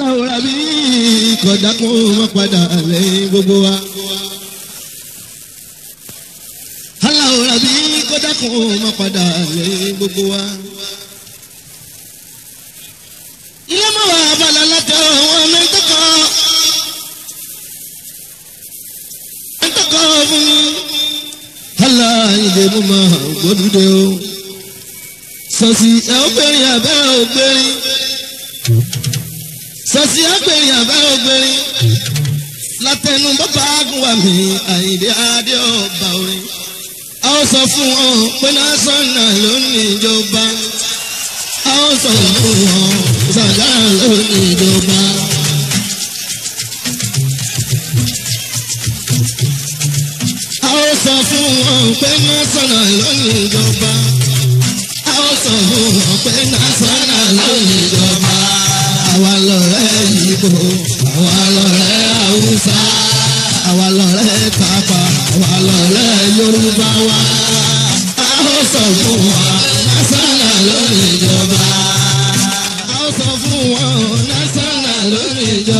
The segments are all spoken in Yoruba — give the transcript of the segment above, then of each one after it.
ọ̀rọ̀ mi kọ̀dá kún wọn padà lẹ́yìn gbogbo wa. aláwòrán mi kọ̀dá kún wọn padà lẹ́yìn gbogbo wa. ilé mọ̀ wá balẹ̀ látẹ̀ wọn mi tọkọ. mi tọkọ fún mi. hálà ilé mú ma gbódúdé o. sọ̀sì ẹ̀ ó gbẹ̀rin àbẹ́ ò gbẹ̀rin sọ̀sì àgbèrè àbá obìnrin látẹnu bàbá àgùnwà mi àyìndé adé ọba orin a ó sọ fún ọ pé násánà ló ní ìjọba a ó sọ fún ọ sàgá ló ìjọba. sọ fún ọ pé násánà ló ní ìjọba a ó sọ fún ọ pé násánà ló ní ìjọba àwa lọ̀rẹ́ Ìgbò àwa lọ̀rẹ́ Haúsá àwa lọ̀rẹ́ Tápà àwa lọ̀rẹ́ Yorùbá wa a ó wa násánà lórí a ó sọ fún wọn a ó sọ fún wọn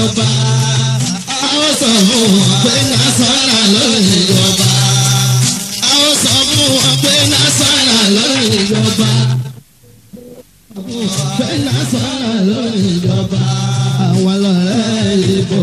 a ó sọ fún wọn fẹ́ lásán lórí ìjọba àwọn ọ̀rẹ́ ìbò.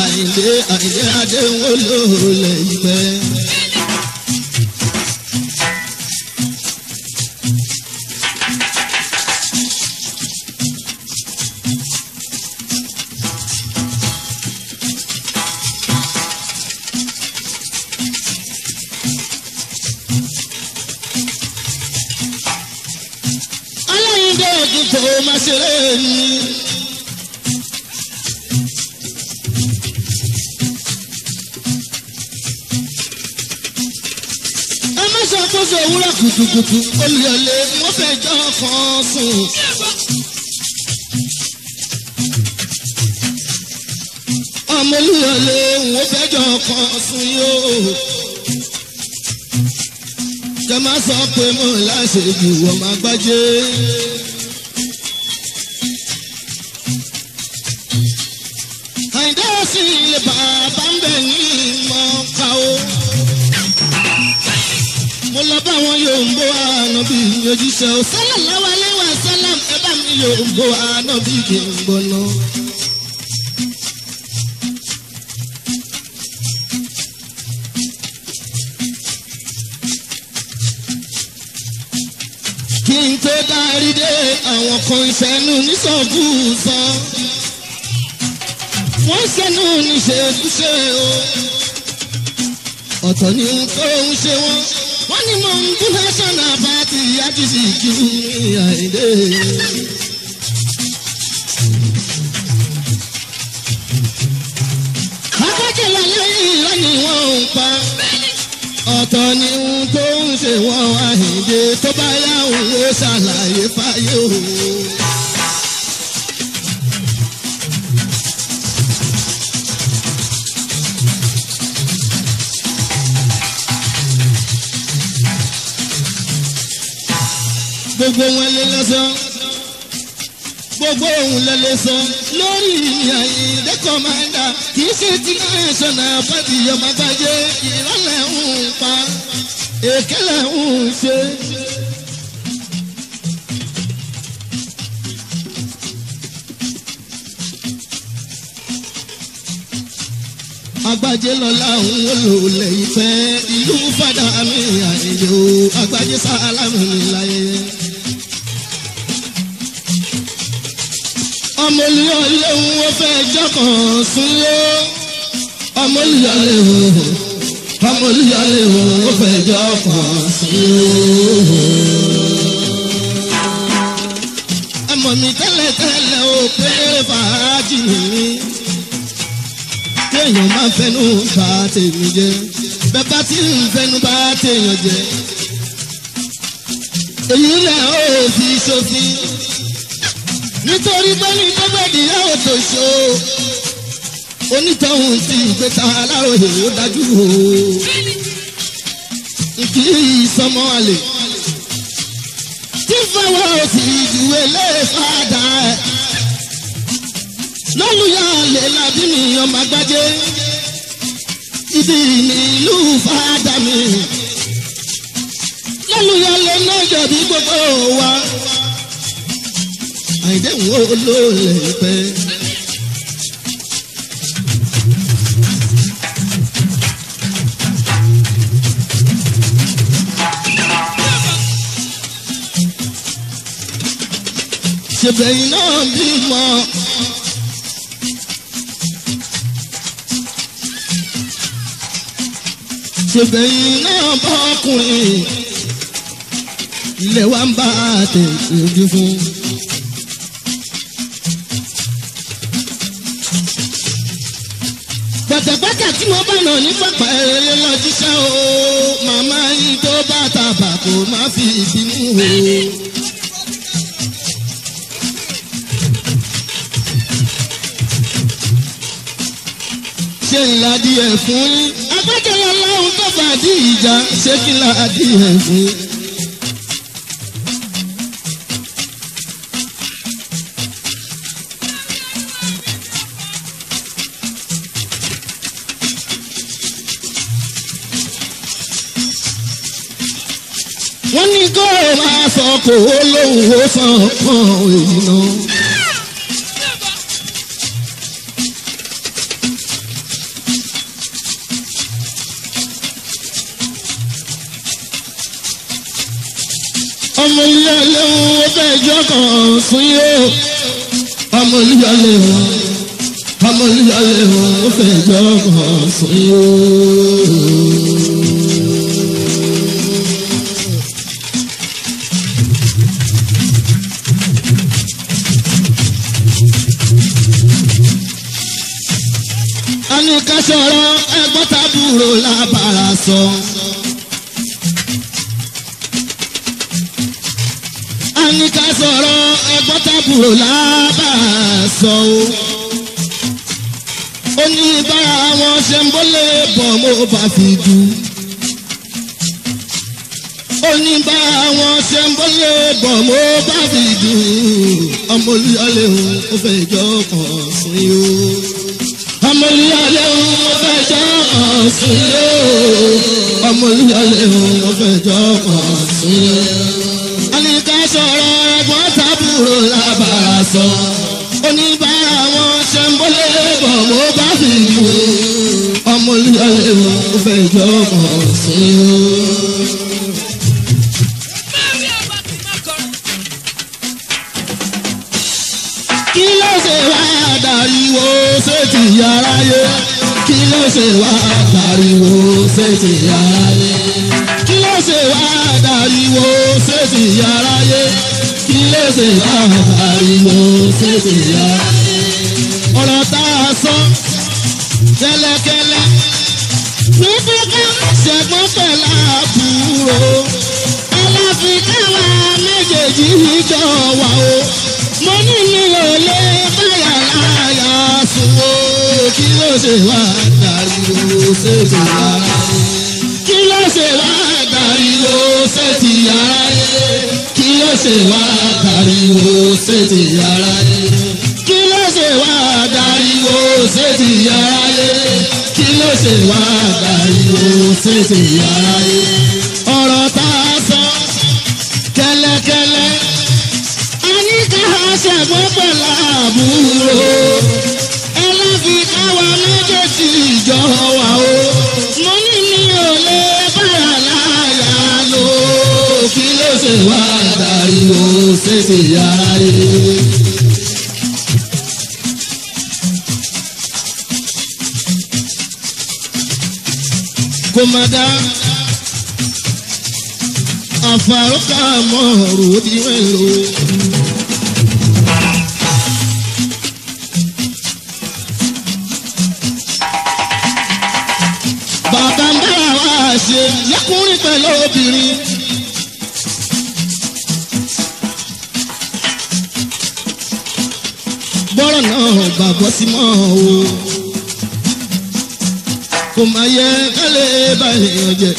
àìlé àìlé adéwọlò lẹ́yìn bẹ́ẹ̀. kùtùkùtù olùyọ̀lé wọ́n fẹjọ́ kan sùn. ọmọ olùyọ̀lé wọ́n fẹjọ́ kan sùn yóò. jẹ́ máa sọ pé mo láṣẹ jù wọ́n máa gbájé. ṣe o sallallahu alaihi wasallam ẹ bá mi yòǹgbò àánà bí kì í gbóná. kí n tó dárí dé àwọn kan ìfẹ́nu nísọ̀bù wọ́n ṣẹ́nu níṣẹ́ ṣe o ọ̀tọ̀ ni n tó ń ṣe wọ́n ni motivation àbátì àjíṣìkì àìdè. akọ́kẹ́lá lẹ́yìn ìlà ni wọ́n ń pa ọ̀tọ̀ ni ohun tó ń ṣe wọ́n àìdè tó bá yá òun ló ṣàlàyé fáyé òun. gbogbo wọn lé lọ́sàn gbogbo ohun lẹ́lẹ́ sọ lórí Àyìndé Kọ́mándà kì í ṣe ti àìsànà fàdíyàn bàbáyé ìrọ̀lẹ́ ń pa èké lẹ̀ ń ṣe. agbájé lọ́la òun olùlẹ̀ ìfẹ́ ìlú fàdà mi Àyìndé o agbájé sálámù mi láyé. ọmọlúyọlé wọn fẹ́ jọkàn súnlé ọmọlúyọlé wọn ọmọlúyọlé wọn fẹ́ jọkàn súnlé. ọmọ mi tẹ́lẹ̀tẹ́lẹ̀ ò pé fàájì nìyí téèyàn máa ń fẹnu bà tèmi jẹ bẹ́ẹ̀ bá ti ń fẹnu bà téèyàn jẹ èyí náà ó fi ṣòfin nítorí pé ní gbẹ́gbẹ́dìyà òtòṣó onítọ̀hún ti ìgbésà aláròyé ó dájú o kì í sọmọ àlè tí fọwọ́ òsì ìdúwé lè fàdà ẹ̀ lọ́lùyà àlè làbí mi ọmọ àgbájé ibi ní ìlú fàdà mi lọ́lùyà lè náà jẹ̀bi gbogbo wa àìjẹ́wò olóòlè pẹ́. ṣèbẹ̀yìn náà bímọ. ṣèbẹ̀yìn náà bọ́kùnrin ilé ń bá tẹ̀síwájú fún. mo bá nà ní pápá eré lọ jíṣẹ́ o màmá yìí tó bá tàbà kò má fi ìbínú o. ṣé ń la díẹ̀ fún yín? agbẹ́jọ́ lọ́la ń kọ́ bàdí ìjà ṣé kí n la díẹ̀ fún yín? kò ó lóun ó ọmọ ilé ilé wọn ó fẹ́ jọ́ fún yín o ọmọ ilé ilé wọn ọmọ ilé ilé wọn ó fẹ́ jọ́ fún yín sọ̀rọ̀ ẹgbọ́n tábúrò lábàrá sọ. àníkà sọ̀rọ̀ ẹgbọ́n tábúrò lábàrá sọ o. ó ní bára wọn ṣe ń bọ́lé bọ̀ mo bá fi dù. ó wọn ṣe ń bọ́lé bọ̀ mo bá fi dù. ọmọ olúyọlé o ó fẹ́ ìjọ kan sí i ìyálé òun mo fẹ́ jọ́ kàn sílé o mo fẹ́ jọ́ kàn sílé. àníkà sọ̀rọ̀ ẹ̀gbọ́n tábùrò lábàrà sọ oníbàárà wọn ṣe ń bọ́lé bọ̀ mo bá fi wò ọmọ ìyálé òun mo kàn sílé o. ṣe wá dariwo ṣèṣì aráyé kí ló ṣe wá dariwo ṣèṣì aráyé kí ló ṣe wá dariwo ṣèṣì aráyé ọ̀rọ̀ tá a sọ kẹ́lẹ́kẹ́lẹ́ nígbàgbọ́ ṣẹ̀gbọ́n pẹ̀lú àbúrò aláfikà wa méjèèjì jọ wà o mo ní mi ò lè báyà lára sunwó kí ló ṣe wá dàrí ló ṣe ti yára yé kí ló ṣe wá dàrí ló ṣe ti yára yé kí ló ṣe wá dàrí ló ṣe ti yára yé kí ló ṣe wá dàrí ló ṣe ti yára yé kí ló ṣe wá dàrí ló ṣe ti yára yé ọ̀rọ̀ tá a sọ kẹ́lẹ́kẹ́lẹ́ a ní ká ṣẹ̀gbọ́n pẹ̀lú sí ní yàrá yìí. kò má dá àfàrúkà mọ́ ọ̀rọ̀ òdì wẹ̀ lò. bàbá mẹ́wàá ṣe lẹ́kùnrin pẹ̀lú obìnrin. bá bọ́ sí mọ́ o. kò má yẹ kálẹ̀ balẹ̀ ọ̀jẹ̀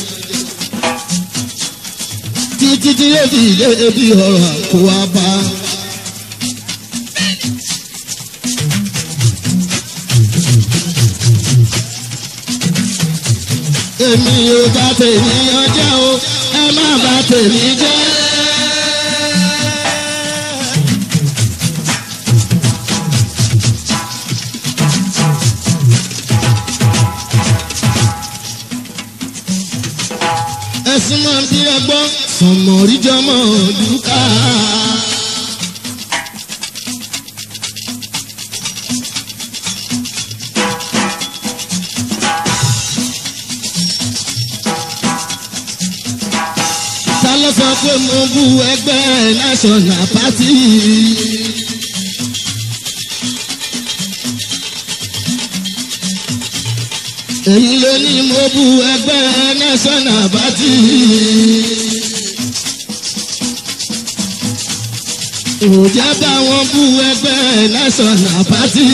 títí tí yóò fi dé ibi ọ̀rọ̀ àpò wa bá. èmi ò bá tèmi ọjà o ẹ má bá tèmi jẹ́. sọmọríjọmọ dúkà. ta ló sọ pé mo bú ẹgbẹ́ national party. èmi ló ní mo bú ẹgbẹ́ national party. òjá bá wọn bú ẹgbẹ́ national party.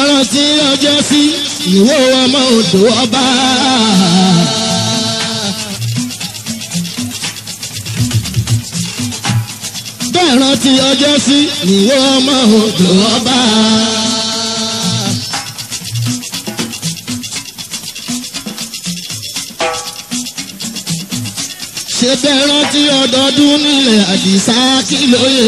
ẹran tí ọjọ́ sí ìwọ ọmọ odò ọba. bẹ́ẹ̀ rántí ọjọ́ sí ìwọ ọmọ odò ọba. abẹ́rán tí ọdọọdún nílẹ̀ àdìsá kí lóye.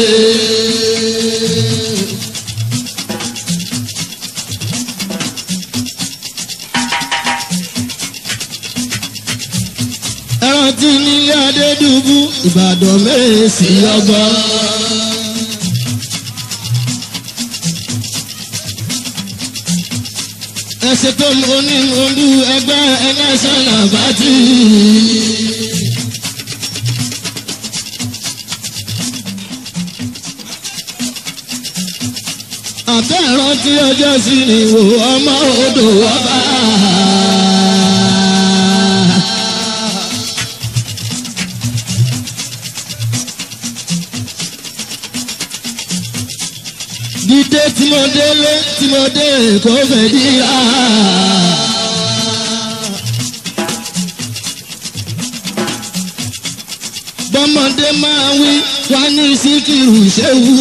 ẹran tí nílé adédùbú ìbàdàn mẹ́rin sí ọgbọ́n. ẹsẹ̀ tó lónìí olú ẹgbẹ́ ẹlẹ́sẹ̀ làbátì. tí ọjọ́ sí ni wò ọmọ odò ọba. dídé tí mo délé tí mo dé kò fẹ́ díra. bọ́mọdé máa wí wá ní síkìrù ṣéwù.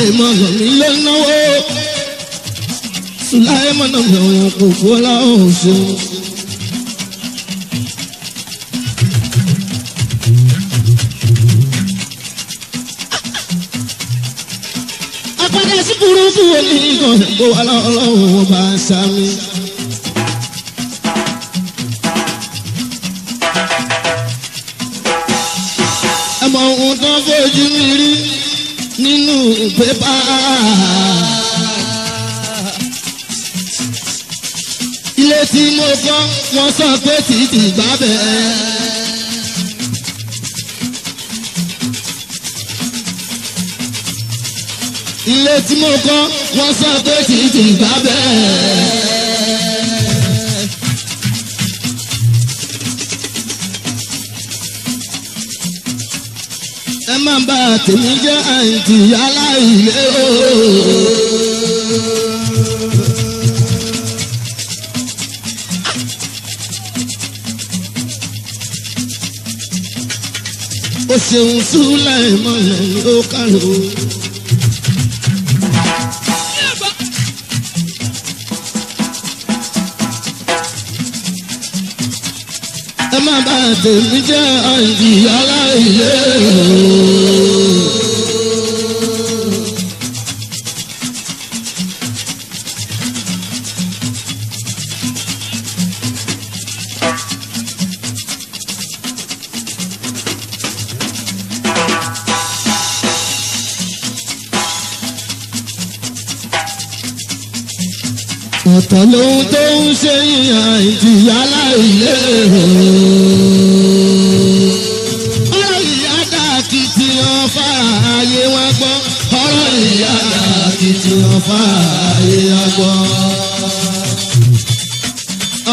Sùláìmọ̀ mi ló náwó. Sùláìmọ̀ náà mi àwọn kò fọ́lá ọ̀ṣun. Apádà sí burúkú wo ni ìkànnì kó wà lọ́wọ́ bá sá mi. wọ́n sọ pé títí gbábẹ́. ilé tí mo kọ́ wọ́n sọ pé títí gbábẹ́. ẹ má bà tèmi jẹ́ àǹtí aláìlé ooo. ṣeun súlẹ̀ mọ́lẹ̀ ló kàlò. ẹ má bàa tèmi jẹ́ àìdí aláìlérò. àníyàn ìjìyà láìlé o. ọ̀rọ̀ ìyá dàkìtì hàn fààyè wá gbọ́. ọ̀rọ̀ ìyá dàkìtì hàn fààyè wá gbọ́.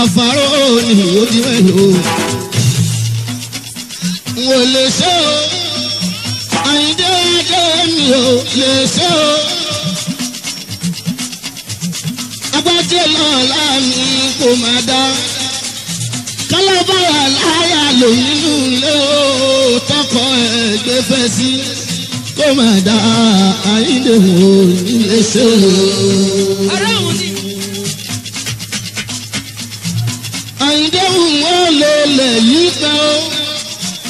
àfàrọ̀ ni ó di mẹ́lò. wò lè ṣe o àyíndé ajé mi ò lè ṣe o. kó máa dá. kálábàrà láyà lò nínú ilé o tọkọ ẹ gbé fẹ́ sí kó máa dá àyíǹde wò ṣe o. àyíǹde wò wọ́n lò lẹ̀ yìí pẹ́ o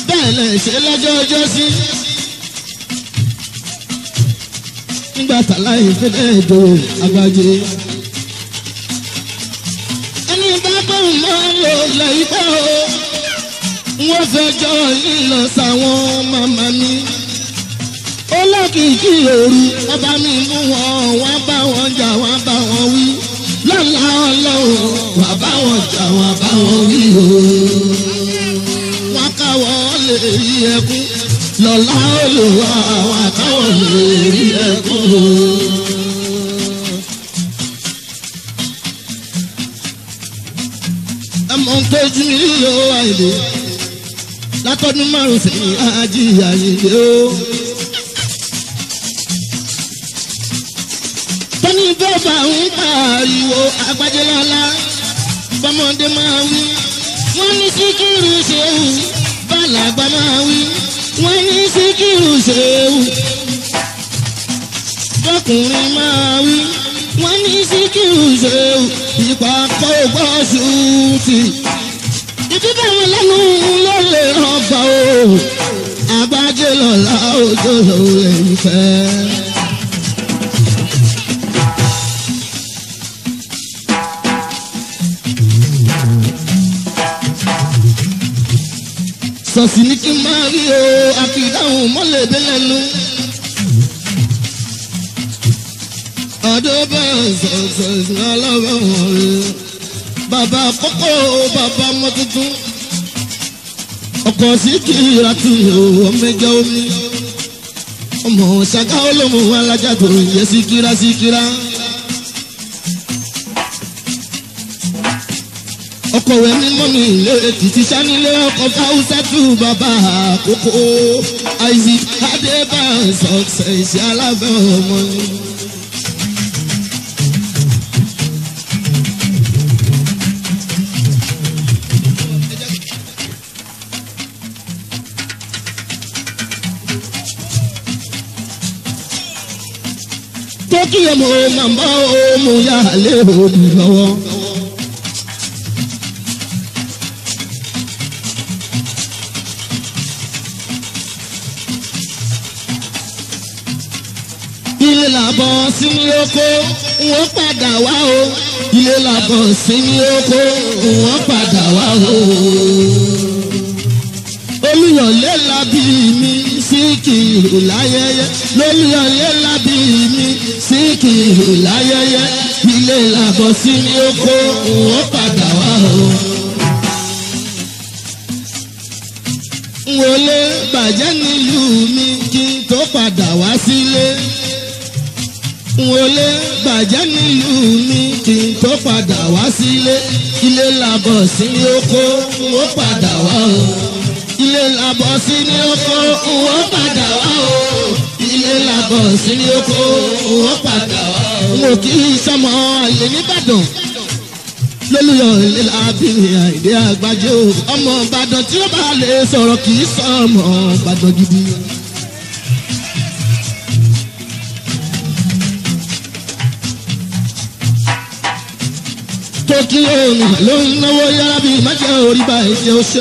bẹ́ẹ̀ lẹ̀ ṣe lọ́jọ́ ọjọ́ sí. nígbà tá láyé fẹ́lẹ́ dòwe agbájé. ọjọ́ lílọ sáwọn màmá mi ọlọ́kìkí òru ọba mi mú wọn wá bá wọn jà wá bá wọn wí lọ́la ọlọ́run wá bá wọn jà wá bá wọn wí o wọn káwọ́ lè rí ẹkún lọ́la olùwà wá káwọ́ lè rí ẹkún o. ẹ mọ̀ ń tọ́jú mi yóò wá ìlú fọdún márùn sẹ́yìn ajíyà yìí o. tọ́ni bọ́ọ̀bà ń pariwo agbájẹ́lọ́lá bọ́mọdé máa wí. wọ́n ní síkírù ṣéwù bàlágbà máa wí. wọ́n ní síkírù ṣéwù bọ́kùnrin máa wí. wọ́n ní síkírù ṣéwù ìpàkọ́ gbọ́sùn tì ìdídá wọn lẹ́nu ló lè ràn bá o abájẹ́ lọ́la òjò lòlẹ̀ ìfẹ́. sọ̀sì ní kí n máa rí o àkìdáhùn mọ́lẹ̀dẹ́ lẹ́nu. ọdún bẹ́ẹ̀ sọ̀sọ̀ ìsìn ọlọ́wọ́ wọn bàbá kókó bàbá ọmọ tuntun ọkọ̀ sí kìlá tu ìhòòhò mẹ́jọ omi ọmọ ṣàkà olómù alájà tó yẹ síkírá síkírá. ọkọ̀ rẹ̀ mímọ́ mi ilé títí sanilé ọkọ̀ fáwùsá tù bàbá àkókò Isaac adébáyé sọ̀sẹ̀ ìṣẹ́ alábẹ́ ọmọ yìí. yẹ mo máa bá o mo yà lé òbí lọ́wọ́. ilé làbọ̀ sí oko wọ́n padà wá o ilé làbọ̀ sí oko wọ́n padà wá o olùyọ̀lé làbí mi síkì láyẹyẹ lórí ọyẹ lábí mi síkì láyẹyẹ ilé làbọ̀ sí ní oko òun padà wá o. wọlé bàjẹ́ nílùú mi kí n tó padà wá sílé. wọlé bàjẹ́ nílùú mi kí n tó padà wá sílé. ilé làbọ̀ sí ní oko òun padà wá o ilé làbọ̀ sí ní oko òwò padà wá o ilé làbọ̀ sí ní oko òwò padà wá o. mo kì í sọmọ àlè nìbàdàn lólùyọ ilé lábìrì àìdè àgbájọ ọmọ ìbàdàn tí ó bá lè sọ̀rọ̀ kì í sọmọ ìbàdàn gidi. tó kí lóun ló ń náwó yára bíi májẹ̀ orí báyìí ṣe ó ṣe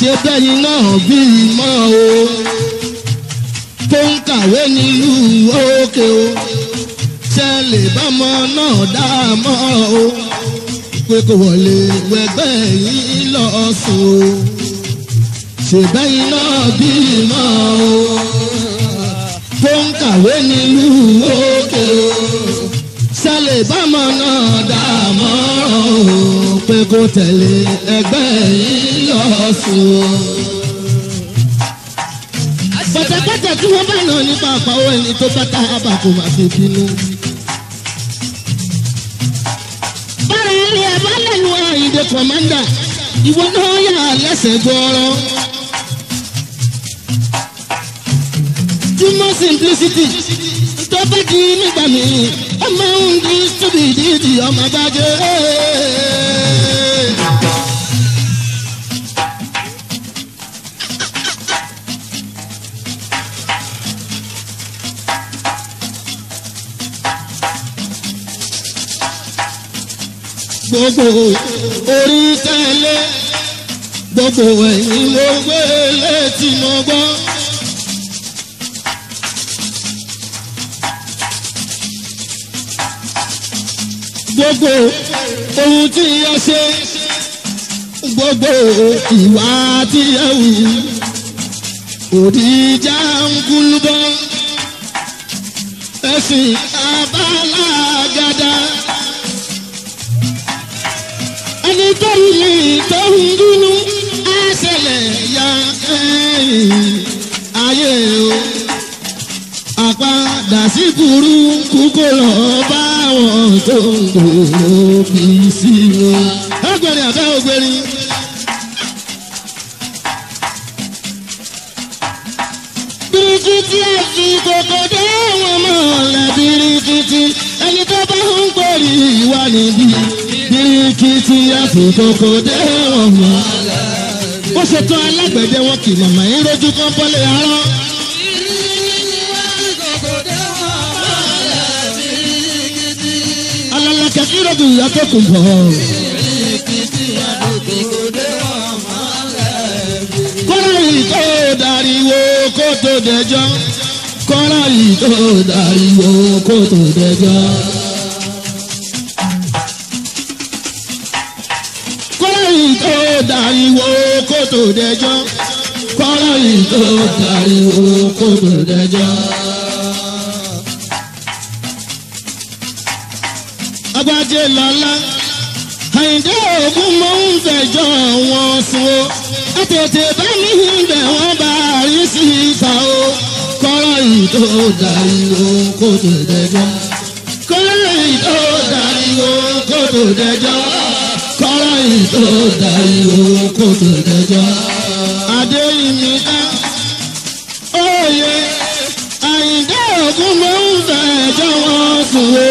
ṣe bẹ́yìn náà bí mọ́ o tó ń kàwé nílùú òkè o ṣẹlẹ̀ bámọ náà dá mọ́ o pé kò wọlé wẹgbẹ́ yìí lọ sùn o ṣe bẹ́yìn náà bí mọ́ o tó ń kàwé nílùú òkè o ṣẹlẹ̀ bámọ̀ náà dààmọ́ràn o pé kó tẹ̀lé ẹgbẹ́ yìí lọ sùn o. pẹ̀tẹ̀pẹ̀tẹ̀ tí wọ́n bá nà nípa àpáwọ̀ ẹni tó bá ta àbà kò má fi bínú. bára ilé ẹ̀ bá lẹ́nu àyíǹde kọ̀mándà ìwọ náà yà lẹ́sẹ̀ gbọ́rọ́. túmọ̀ simplicity tó bá di nígbà mìíràn man used to be didi ọmọ dájé. gbogbo orí tẹ́lẹ̀ gbogbo ẹ̀yìn ló gbé e létí gbogbo ohun tí ẹ ṣe gbogbo ìwà tí ẹ wù òdìjà ń gúlúbọ ẹsìn abálágádá ẹni tó ń rìn tó ń dúnú ẹsẹ̀lẹ̀ ya ẹ̀yìn ayé o padà sí burúkú kó lọ bá wọn tó ń gbòòrò bí sí wọn. ẹgbẹ̀rin àbẹ́ ògbẹ́rin. bíríkì tí a fi kòkó dé wọn mọ̀ ọ̀la bíríkì tí ẹni tó bá ń gbòòrì wà níbí bíríkì tí a fi kòkó dé wọn mọ̀ ọ̀la. bó ṣe tán alágbẹ̀dẹ wọn kì màmá yín lójú bọ́lẹ̀ arán. ṣàkírọ̀dù yàtọ̀kùn bọ̀. kọ́ra yìí tó darí wo kó tó dẹjọ́ kọ́ra yìí tó darí wo kó tó dẹjọ́. kọ́ra yìí tó darí wo kó tó dẹjọ́ kọ́ra yìí tó darí wo kó tó dẹjọ́. ajé lọ́lá àyíndé ògún mọ́ ń fẹ̀jọ́ wọn sùn o àtètè bá mi ń bẹ̀ wọ́n bá rí sí ìta o kọ́rọ̀ ìdó darí ohun kò tó dẹjọ́ kọ́rọ̀ ìdó darí ohun kò tó dẹjọ́ kọ́rọ̀ ìdó darí ohun kò tó dẹjọ́ adéyìnmí á òye àyíndé ògún mọ́ ń fẹ̀jọ́ wọn sùn o.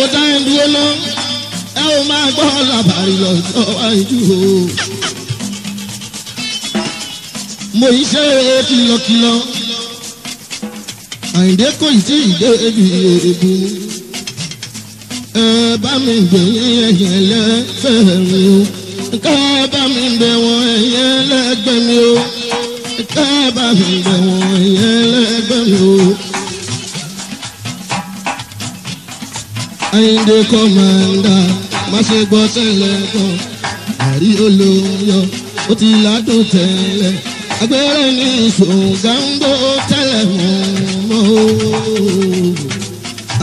mo dá ẹ dúró ná ẹ ò máa gbọ́ làbàrí lọ́jọ́ iwájú o. mo yí ṣe kìlọ̀kìlọ̀ àyìndé kò tí ì dé ibi èébú ẹ bá mi gbé ẹyẹ lẹ́fẹ̀ẹ́ mi o ká bá mi gbé wọn ẹyẹ lẹ́gbẹ̀ẹ́ mi o ká bá mi gbé wọn ẹyẹ lẹ́gbẹ̀ẹ́ mi o. Ayinde kọ́mándà má ṣe gbọ́ tẹ́lẹ̀ gan. Àrí olóyọ ó ti ládùn tẹ́lẹ̀. Agbẹ́rẹ́ ní ìṣòǹgàǹgbò tẹ́lẹ̀ mọ́.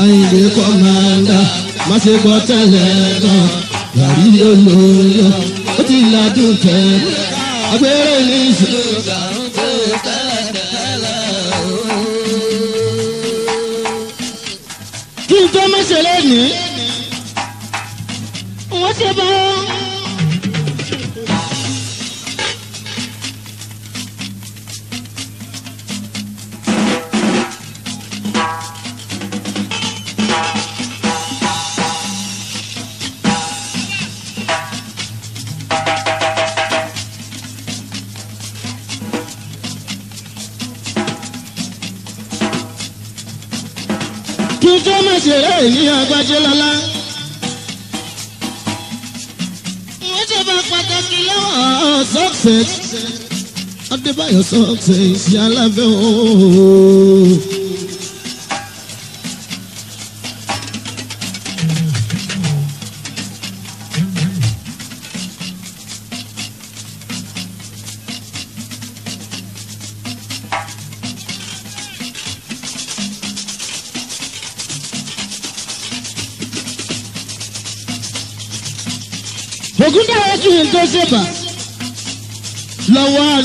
Ayinde kọ́mándà má ṣe gbọ́ tẹ́lẹ̀ gan. Àrí olóyọ ó ti ládùn tẹ́lẹ̀. Agbẹ́rẹ́ ní ìṣòǹgàǹgbò. ṣe lónìí wọ́n ṣe báyìí. Yẹmí Agbájúlọ́lá. ìwéjọba pàtàkì lọ́wọ́ success Adébáyọ̀ success yálà bẹ́ẹ̀ ooo.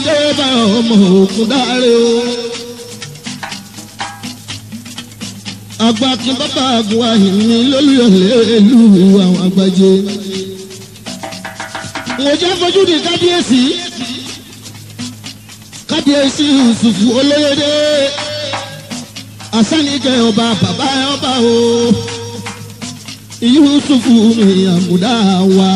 adé bá ọmọ òkun dáre o. àgbà kan bàbá àgùn àyìnbí lórí ọ̀lẹ́ ìlú ìwà àwọn àgbàjẹ. mo jẹ́ fojú di kábíyèsí kábíyèsí Yùsùfù olóyèdè asánijẹ ọba bàbá ọba o Yùsùfù ni àmúdá wa.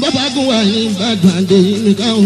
àtúbọ̀bá gùn wà ní ìbàdàn àdéhìí nìkan o.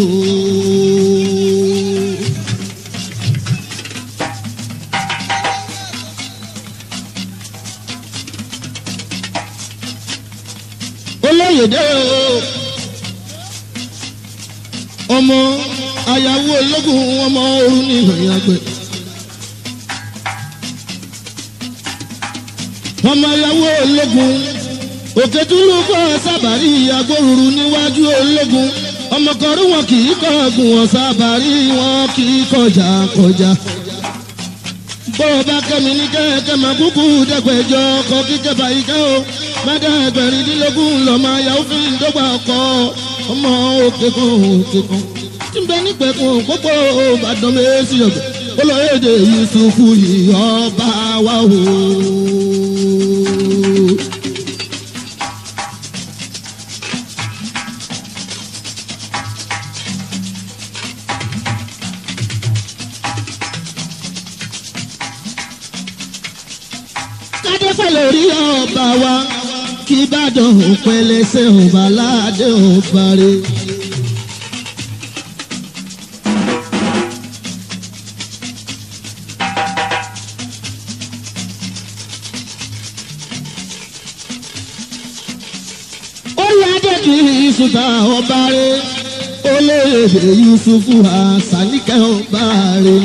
agbóruru níwájú ológun ọmọkọrú wọn kì í kọ̀ọ̀gùn wọn sábà rí wọn kì í kọjá kọjá. bọ́ọ̀ bá kẹ́mi ní kẹ́kẹ́ máa kúkú dẹ́gbẹ̀jọ ọkọ̀ kíkẹ́ báyìí ká o mẹ́ta ẹgbẹ̀rindínlógún lọ́mọ ayáwó fi ń dọ́gba ọkọ̀ ọmọ òkè kan òkè kan tí ń bẹ nígbẹ̀kùn pópó ìbàdàn mẹ́sì ọ̀gbẹ̀ ó lọ èdè Yusufu yìí ọba wa o. pẹlẹsẹ ò bá láàdé ò parí. Yusufa ọba rẹ̀ olóyè Yusufu asanikẹ́ ọba rẹ̀.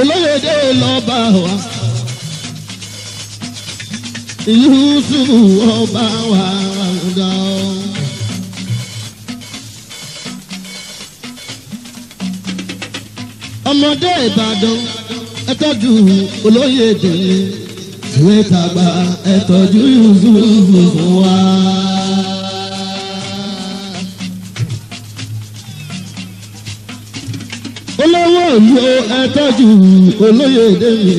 olóyèdè lọ́ba wa yusufu ọba wa ọ̀dà ọ́. ọmọdé ìbàdàn ẹ tọ́jú olóyèdè yìí ìwé tàgbà ẹ tọ́jú Yusufu fún wa. olówó ìlú ẹ olóyè dèmi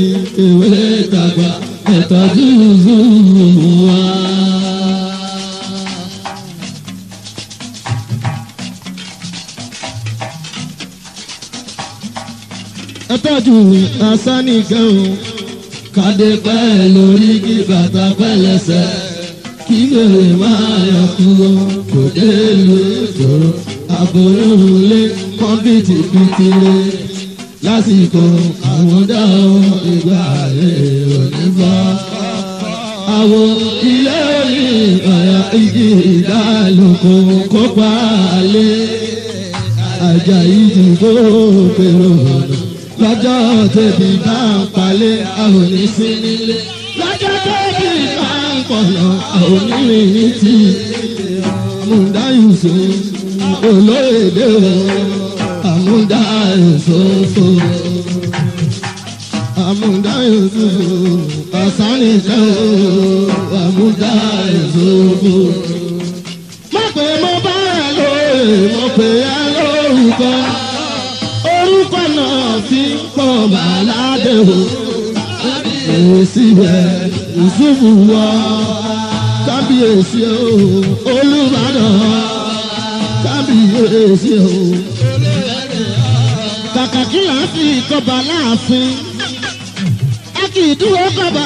ìwé tàgbà ẹ Yusufu fún wa. ẹ tọ́jú kádé pẹ́ lórí kí bàtà pẹ́ lẹ́sẹ̀ kí bèrè máa yọ kúrò kò dé ìlú ìṣòro àbúrò lé kọ́mpìtì pitire lásìkò àwọn dáhùn ìgbà rẹ̀ onífà. Àwọn ilé orí ọ̀yà igi ìdálòkò kópa lé Àjàyí ti pèrò ọ̀nà lọ́jọ́ tèmi bá ń palẹ̀ àwọn oníṣe nílé lọ́jọ́ tèmi bá ń pọ̀nà àwọn onírin ní ti àmúdáyùsọ olóyèdè àmúdáyùsọ fò àmúdáyùsọ àsánìkan àmúdáyùsọ fò. mo pè mo bá ẹ lóye mo pè ẹ lórúkọ kọ́nà fi ń pọ̀ bàládé o. Kábíyèsí rẹ̀ Yusufu wọ. Kábíyèsí o Olúbàdàn. Kábíyèsí o. Kàkà kí là láàfin. A kì í dúró kọ̀bà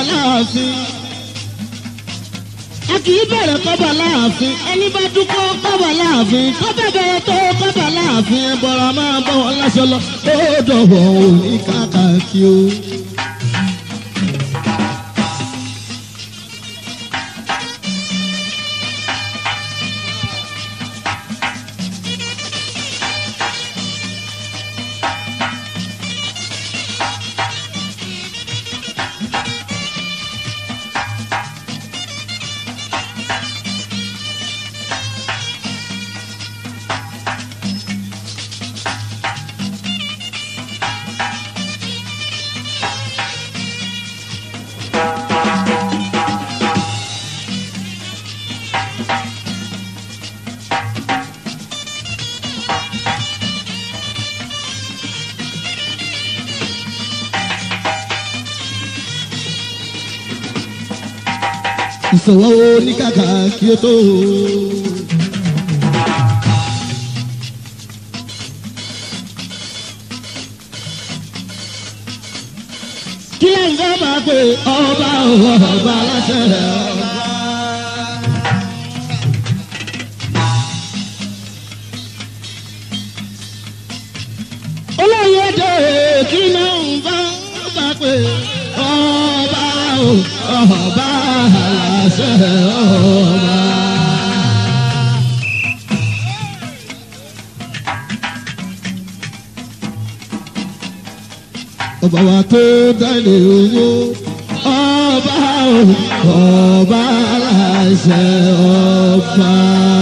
a kì í bẹ̀rẹ̀ kọ́bà láàfin ẹni bá dúkọ́ kọ́bà láàfin kọ́bà bẹ̀rẹ̀ tó kọ́bà láàfin ẹ̀bọ̀rọ̀ máa bọ̀ ọ́ láṣọ lọ ó dọ̀wọ́ òní kàkàkí o. sanwó ní kàkà kí ó tó. kí lẹ́yìn náà máa pe ọba ọba aláṣẹ rẹ̀. ọba wa tó dálé owó ọba ọba aláṣẹ ọba.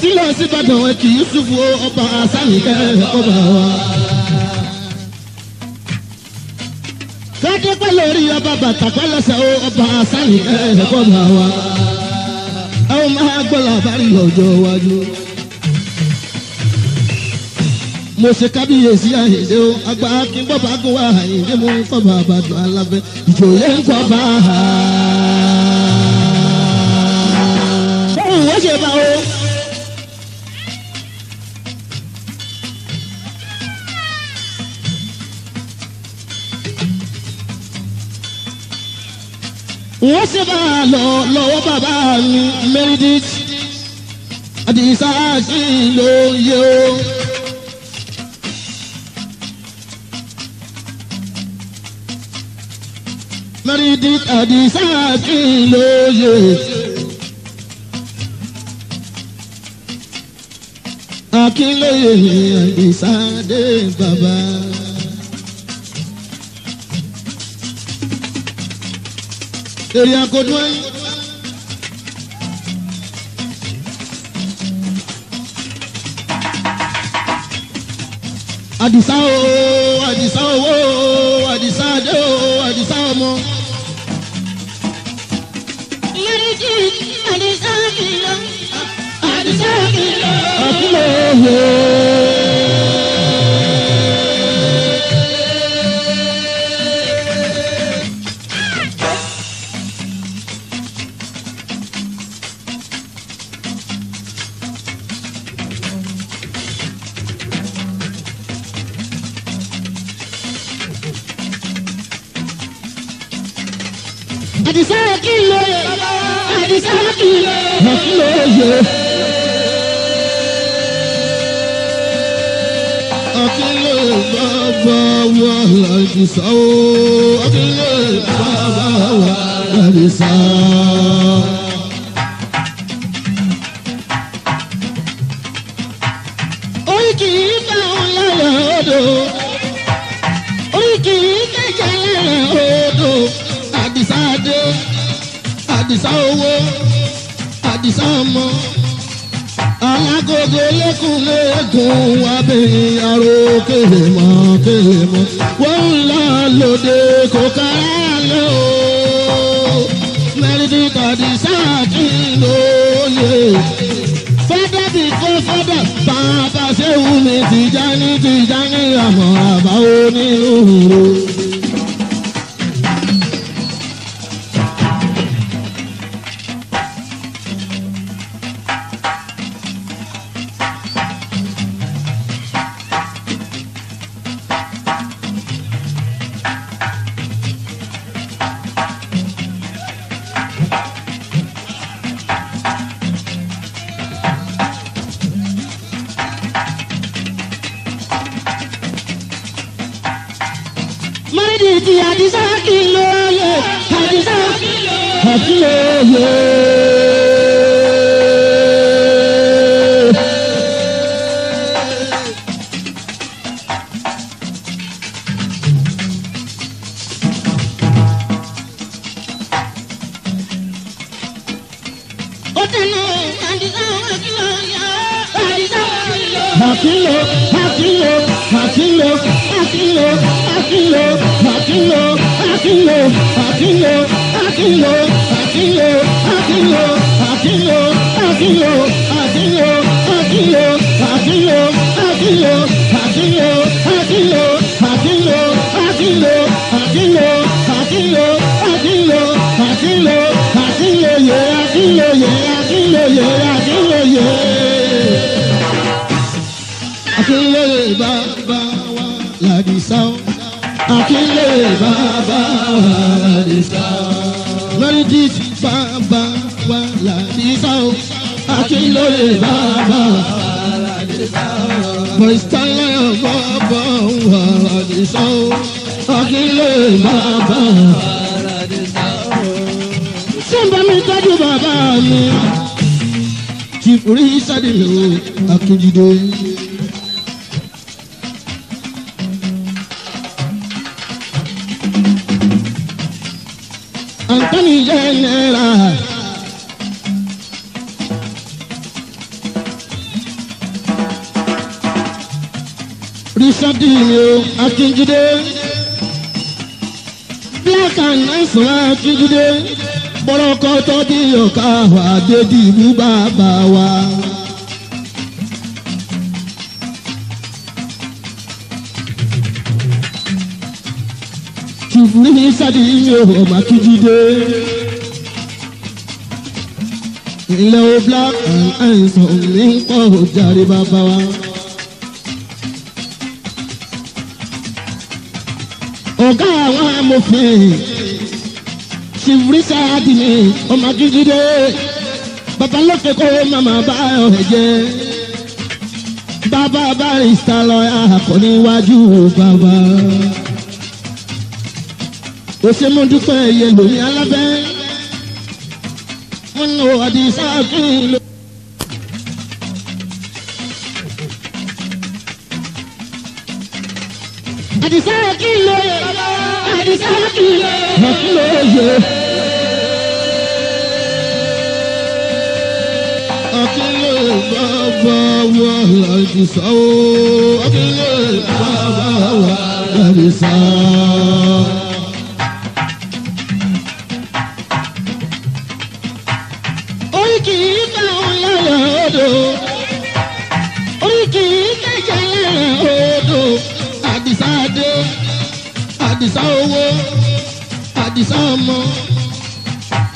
tí lọ síbàdàn ẹ kì í ṣubú ọba àṣàmìkẹ́ ọba wa. kájọ́ pẹ́ lórí ọba bàtà pẹ́ lọ́sẹ̀ ó ọba àṣàmìkẹ́ ọba wa. ẹ máa gbọ́ làbárí lọ́jọ́ iwájú. mo ṣe kábíyèsí àyèdè o àgbà kí n bọ́ bá gún wa àyèdè mo ń kọ́ bàbá dùn alábẹ́ ìjòyè ń kọ́ bá a. ṣé ìwọ́n ṣe bá o. wọ́n sì bá a lọ lọ́wọ́ bàbá mi meredith àdìsá sí ló yẹ o. meredith àdìsá sí ló yẹ o. akínlóye àdìsáde bàbá. èrè àgọ́dú ẹ̀yìn. àdìsá o àdìsá owó o àdìsá adé o àdìsá ọmọ. àdìsá kìlọ̀ àdìsá kìlọ̀. àkúlọ̀ òye. كساو أبلي بابا ورساو àdìsá owó àdìsá ọmọ alágogo lẹ́kùnlẹ́kùn wá bẹ̀yìn aró kélemọ́ kélemọ́ wọ́n ń lọ lóde kò kára lé o mẹ́rin kàdí sáàkì lóye fọ́dà bí kò fọ́dà bàbá ṣéwù mi Tìjání Tìjání àmọ́ àbá onírúurú. náírà. risadi mi o black and nice Akínjídé bọ́lọ́kọ́ tọ́jú ọ̀ka wà dédì bú bàbá wa. Chief Nisadi yóò ọmọ Akínjídé ilẹ̀ o black and handsome ní pọ̀ jàre bàbá wa. ọ̀gá àwọn amòfin ṣìfúrísà dìní ọmọ jíjídé babalókè kó màmá bá ọ̀rẹ́ jẹ́ bàbá barista lọ́yà kò níwájú bàbá. òṣèlú dúpẹ́ yẹlòmí alábẹ́ àdìsá fún lọ. àdìsá kí ló yẹ àdìsá kí ló yẹ kí ló yẹ. akílè bàbá wa àdìsá adé àdìsá owó àdìsá ọmọ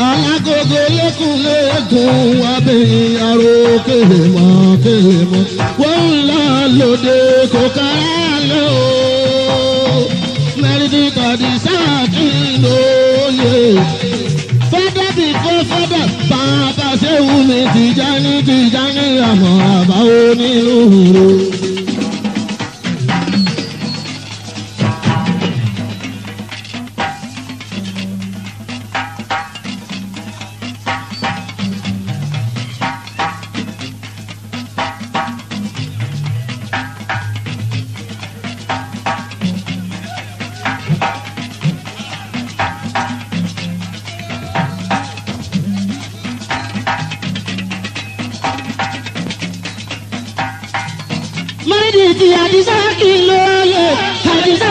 alágogo lẹ́kùn lẹ́kùn abẹ́yìn aró kéèmọ́ kéèmọ́ wọ́n ń lọ lóde kò kára lọ mẹ́rìndín kàdísá kí lóye fọ́dà bí kò fọ́dà bàbá ṣéwù mi Tijani Tijani àmọ́ àbá onílùú. Hadisa kìlọ̀ yẹ, Hadisa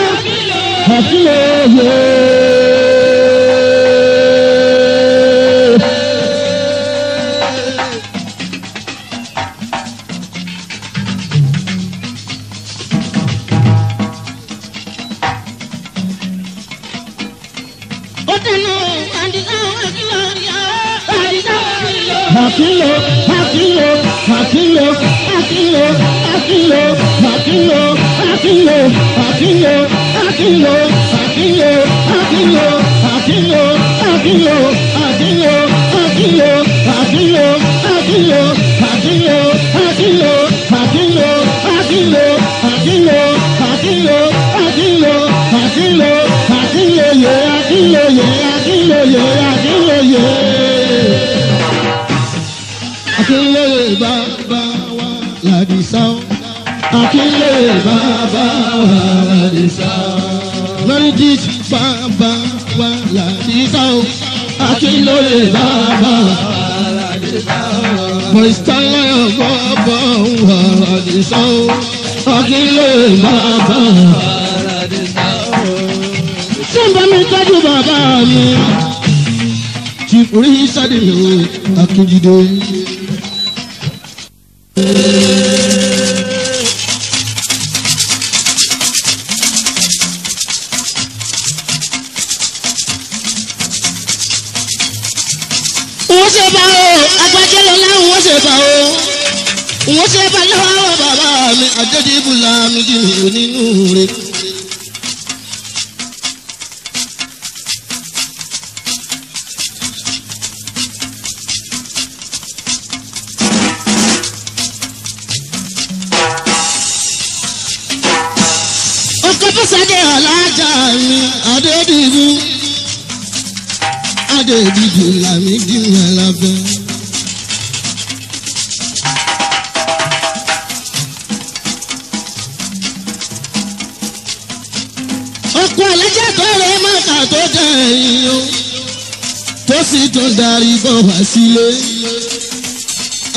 sì tún darí bọ̀ wá sílé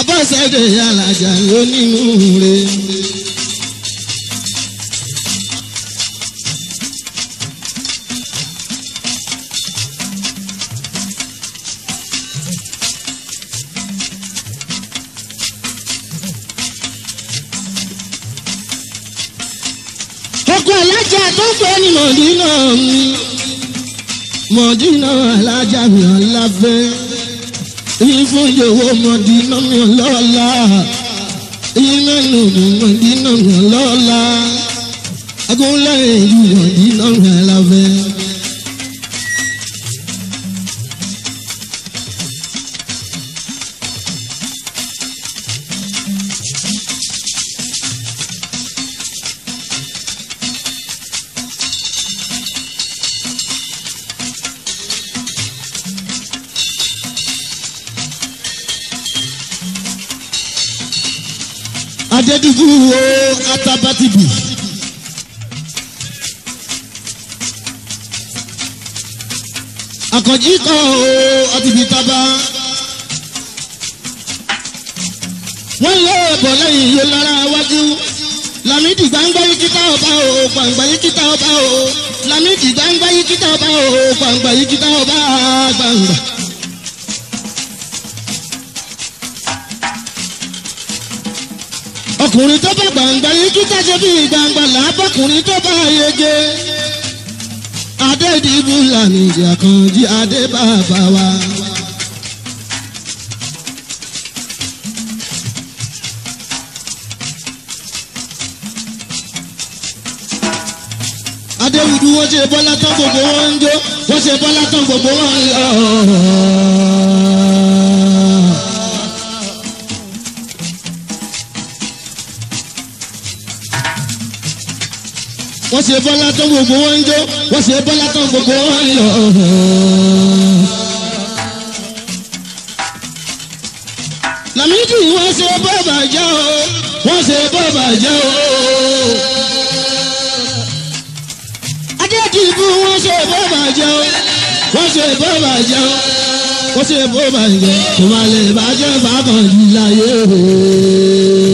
abọ́sẹ̀dé alájà ló nínú rẹ̀. mọ̀dínà alájà mi ọ̀làfẹ́ ìfúnjẹ owó mọ̀dínà mi ọ̀lọ́ọ̀la ìmẹ́nu mi mọ̀dínà mi ọ̀lọ́ọ̀la agúnlẹ̀ èyí mọ̀dínà mi ọ̀làfẹ́. àjí o ọtí fi tábà. wọ́n lé ọ̀bọ̀ lẹ́yìn yóò lára wájú lamidi gbangba yi kita ọba o gbangba yi kita ọba o lamidi gbangba yi kita ọba o gbangba yi kita ọba gbangba. ọkùnrin tó bá gbangba yi kita ṣe bí gbangba làbọ̀kùnrin tó bá yege. Lẹ́ẹ̀dì Fúlàní Àkànjí Adé bàbá wa. Adéwùdú wọ́n ṣe bọ́lá tán gbogbo wọn ń jó wọ́n ṣe bọ́lá tán gbogbo wọn ń lọ. ṣe bọ́lá tó gbogbo wọn ń jó wọ́n ṣe bọ́lá tó gbogbo wọn ń lọ. Làmídì wọ́n ṣe bọ́ọ̀bà jẹ́ o wọ́n ṣe bọ́ọ̀bà jẹ́ o. Adédìbú wọ́n ṣe bọ́ọ̀bà jẹ́ o wọ́n ṣe bọ́ọ̀bà jẹ́ o wọ́n ṣe bọ́ọ̀bà jẹ́ Kò má lè bàjẹ́ bàkànjì láyé o.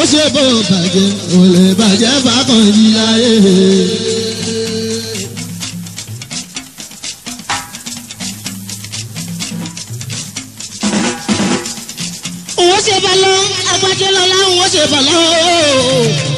bó ṣe bó bàjẹ́ ò lè bàjẹ́ fàkànjì ayé. òun ṣe balọ̀ agbájẹ́ lọ́la òun ṣe balọ̀.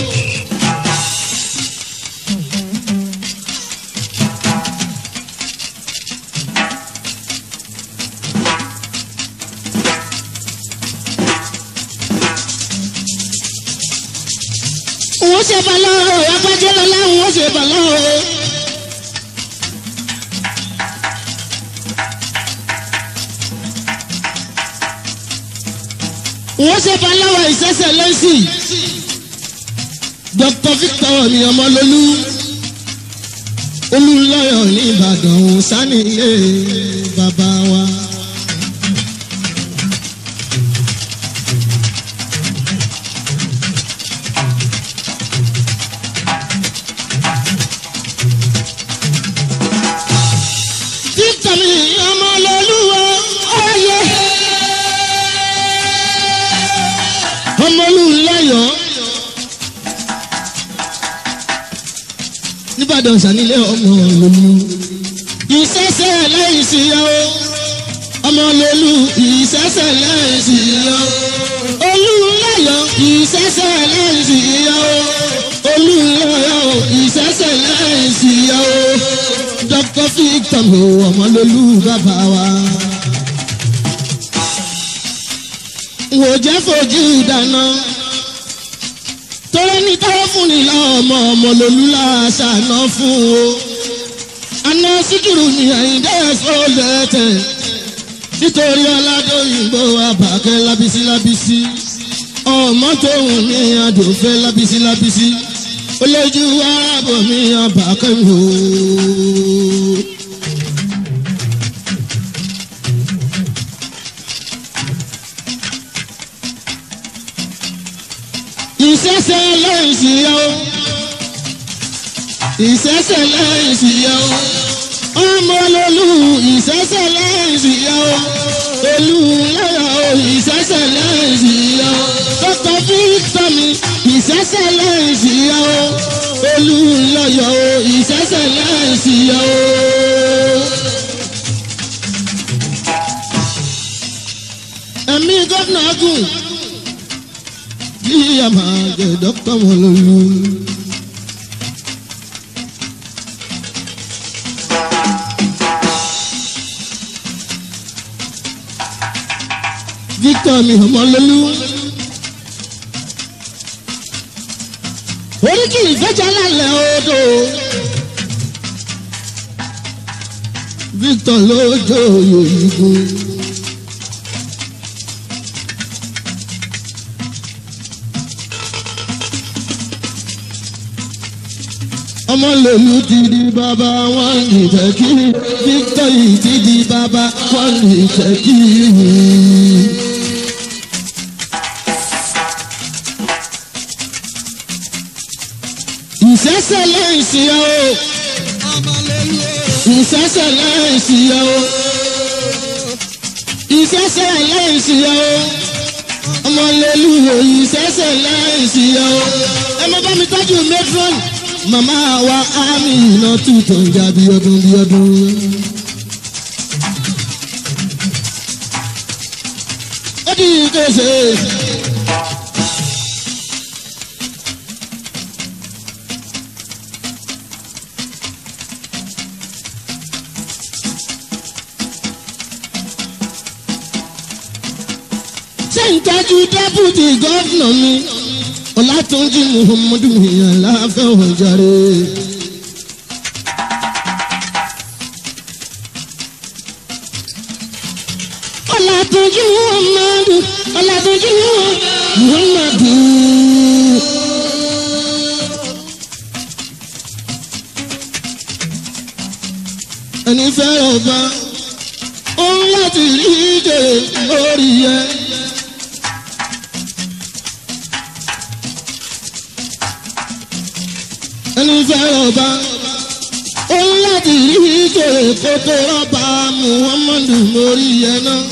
bàlá o. wọ́n ṣe baláwa ìṣẹ́ṣẹ́ lẹ́sìn Dr. Victor ni Ọmọlólú olùlọ́yọ̀ ní Ìbàdàn sani ilé bàbá. lé ọmọ lòlú. ìṣẹ́ṣẹ́ láìsí o ọmọ lòlú ìṣẹ́ṣẹ́ láìsí o olùlọ́yọ̀ ìṣẹ́ṣẹ́ láìsí o olùlọ́yọ̀ ìṣẹ́ṣẹ́ láìsí o Dr. Victor lò ọmọ lòlú bàbá wa. wò jẹ́ fojú dáná ẹni táwọn fún ni lọ́mọ ọmọlólúlá ṣàná fún o àná síkìrù ni àyíndé ẹ̀sọ́ lẹ́tẹ̀ nítorí ọládóyìnbó abàkẹ́ lábísí lábísí ọmọ tóun ní adòfẹ́ lábísí lábísí olójú arábọ̀ mi abàkẹ́ wò ó. ìṣẹ̀ṣẹ̀ lẹ́yìn ìṣìyà o ìṣẹ̀ṣẹ̀ lẹ́yìn ìṣìyà o ọmọ olólù ìṣẹ̀ṣẹ̀ lẹ́yìn ìṣìyà o olú láyà o ìṣẹ̀ṣẹ̀ lẹ́yìn ìṣìyà o dókítà fíìtọ́ mi ìṣẹ̀ṣẹ̀ lẹ́yìn ìṣìyà o olú láyà o ìṣẹ̀ṣẹ̀ lẹ́yìn o. ẹ̀mí gómìnà gùn kí a máa jẹ dókítà Mọ́lólú. Victor mi Mọ́lólú. orí kì í fẹ́jà lálẹ́ odò. Victor lójó yòókù. Lèlú ti di bàbá wọn ìtẹ́kí. Victor ti di bàbá wọn ìtẹ́kí. Ìṣẹ́ṣẹ́ lẹ́yìn sí ẹ o. Ìṣẹ́ṣẹ́ lẹ́yìn sí ẹ o. Ìṣẹ́ṣẹ́ lẹ́yìn sí ẹ o ọmọ lẹ́lú ìṣẹ́ṣẹ́ láìsí ẹ̀ o. ẹ má bá mi tọ́jú matron Mama wa ámì iná tutù ń ga bí ọdún bí ọdún. ó dì í kése. ṣé ìtọ́jú dẹ́pùtì gọ́fìnà mi ọlátúnjì muhammadu èèyàn láfẹ́ òjàre. ọlátúnjì muhammadu ọlátúnjì muhammadu. ẹni fẹ́ràn ọba ó láti rí jèrè lórí yẹn. fẹ́ ọba òun láti rí ìṣòro kó tó rọ́bà Muhammadu mórí yẹn náà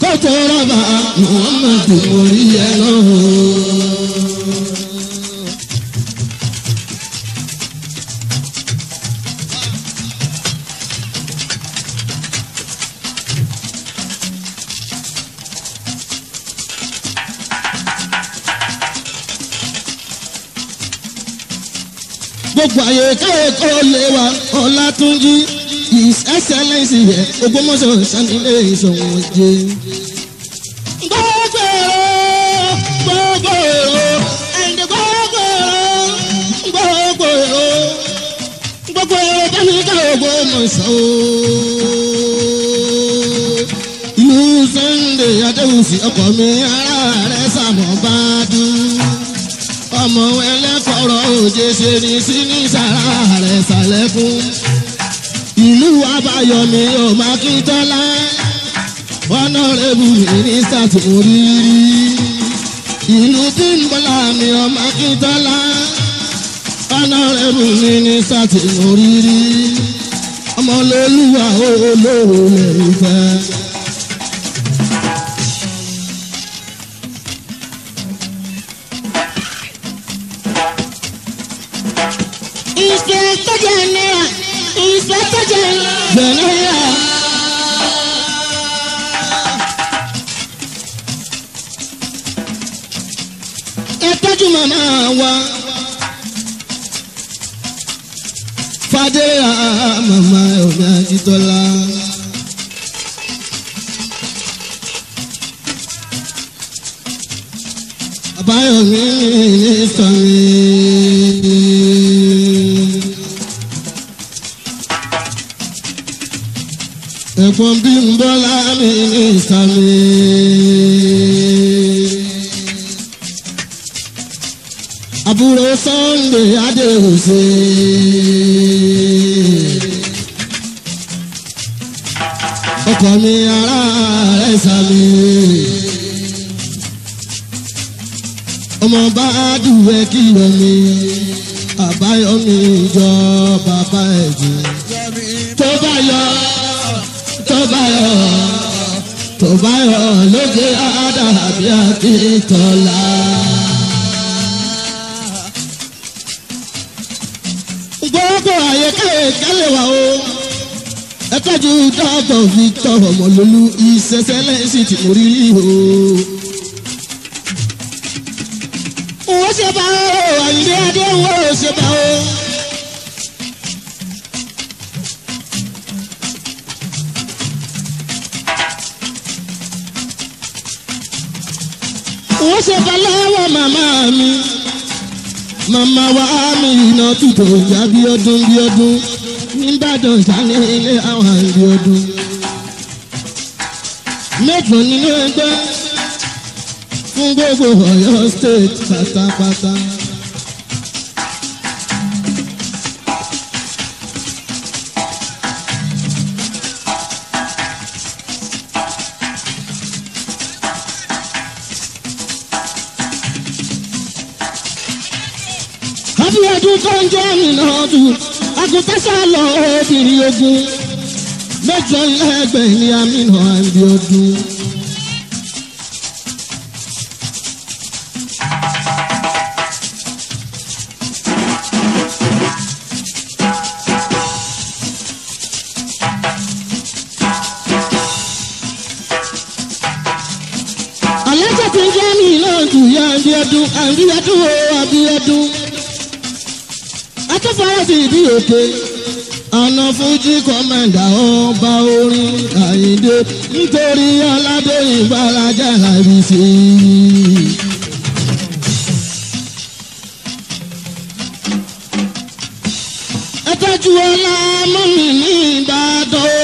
rọ́bà Muhammadu mórí yẹn náà. Olúwa Ọlátúnjí his excellence yẹ Ògbómọ̀ṣọ́ sanilé ìṣòwò jẹ. gbọ́gbẹ̀rọ gbọ́gbẹ̀rọ ẹ̀ǹdẹ̀ gbọ́gbẹ̀rọ gbọ́gbẹ̀rọ gbọ́gbẹ̀rọ kẹ́míkà o, ìlú Sunday adéhùn sí ọkọ mi ara rẹ sàmọ́ bá dùn ọmọ wẹ́lẹ́ ọ̀rọ̀ òjé ṣe ní sí ní sàrà rẹ̀ sàlẹ̀kùn. ìlú abáyọ̀mí ọmọ akíntọ́lá ọ̀nàrẹ́bù mínísítà tí rí rí. ìlú tí ń mi ọmọ akíntọ́lá ọ̀nàrẹ́bù mínísítà tí mo rí rí. ọmọlẹ́lúwa olóòlù lẹ́yìn fẹ́. ṣe. ọkọ mi ara rẹ̀ sàmì. ọmọ bá dùwẹ̀ kìlọ̀ mi àbáyọ̀mí jọ bàbá ẹ̀ jù. tó bá yọ tó bá yọ tó bá yọ lókè àdàbí àti tọ́lá. kókó àyè kálẹ̀ wà o. ẹ tọ́jú dáàbò fi tọrọ mọ̀ lólú ìṣẹ̀ṣẹ̀ lẹ́sìn tí mo rí o. wọ́n ṣe bá o àyílé adé wọ́n ṣe bá o. wọ́n ṣe bá lọ́wọ́ màmá mi màmá wa mi iná tìtò ìyá bí ọdún bí ọdún nìbàdàn sálẹ̀ ilé àwọn àìrí ọdún. mẹ́tò nínú ẹgbẹ́ fún gbogbo Ọ̀yọ́ state pátápátá. jọ́njọ́ mi náà tù àgùntàṣà lọ òfìrí ogun mẹ́jọ lẹ́gbẹ̀ẹ́ ní amínà àìdí ọdún. àlejò tó jẹ́ mi náà tù yá àìdí ọdún àìdí ọdún o. fìdí òkè ọ̀nà fújì kọ́mẹ̀dà ọba orin àyíndé nítorí aládé ìbárajà láì ṣe é. ẹtọ́jú ọlá mọ́mí ní ìbàdàn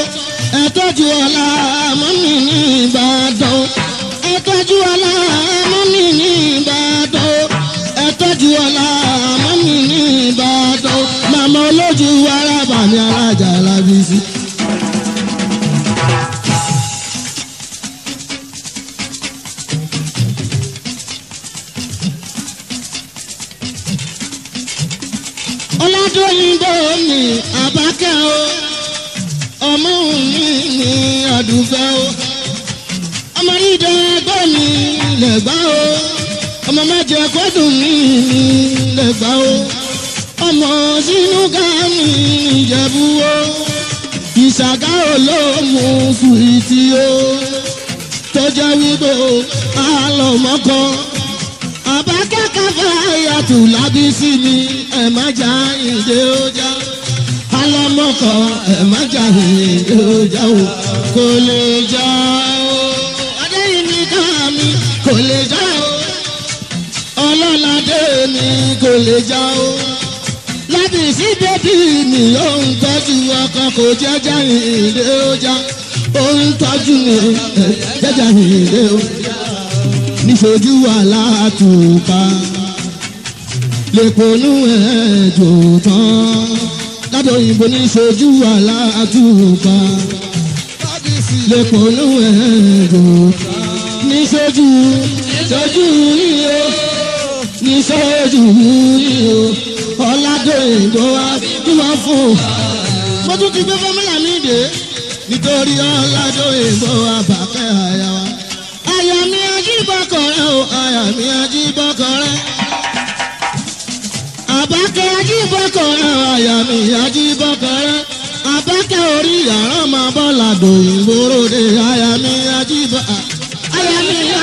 ẹtọ́jú ọlá mọ́mí ní ìbàdàn ẹtọ́jú ọlá mọ́mí ní ìbàdàn ẹtọ́jú ọlá mọ́mí ní ìbàdàn ọmọ olójú arábà ní alájà alábísí. ọládọ́yìnbó mi àbákẹ́ o ọmọ mi ní àdúfẹ́ o ọmọ ìdá ẹgbẹ́ mi lẹ́gbàá o ọmọ mẹ́jẹ kọ́dùn mi lẹ́gbàá o ọmọ sínú kánú ìjẹ̀bú o ìṣàgá olóòmù fìtì o tó jẹ́ wípé o alọ́mọkọ abákẹ́kọ̀ọ́ ayàtò lábísí ni ẹ̀ má já ìdè ó já alọ́mọkọ má já ìdè ó o kò lè já o adéyìn ní kò lè já o ọlọ́ládé mi kò lè já o ti síde bí mi òun tọ́jú ọkọ kò jẹ́jà ìdè ọjà òun tọ́jú mi jẹ́jà ìdè ọjà níṣojú wà látùpá lèponú ẹ̀jọ̀ tán ládọ̀ òyìnbó níṣojú wà látùpá lèponú ẹ̀jọ̀ níṣojú níṣojú yìí ó níṣojú yìí ó ọ̀làdòyìnbó wa kí wọ́n fún un. mo tún ti gbé fọ́múlà mi dé nítorí ọ̀làdòyìnbó wa bàkẹ́ àyà wa. àyà mi ajíbọ̀kọ̀rẹ́ o àyà mi ajíbọ̀kọ̀rẹ́. àbákẹ́ ajíbọ̀kọ̀rẹ́ o àyà mi ajíbọ̀kọ̀rẹ́. àbákẹ́ orí yàrá máa bọ́ làdòyìnbó ròde àyà mi ajíbọ̀kọ̀rẹ́. àyà mi o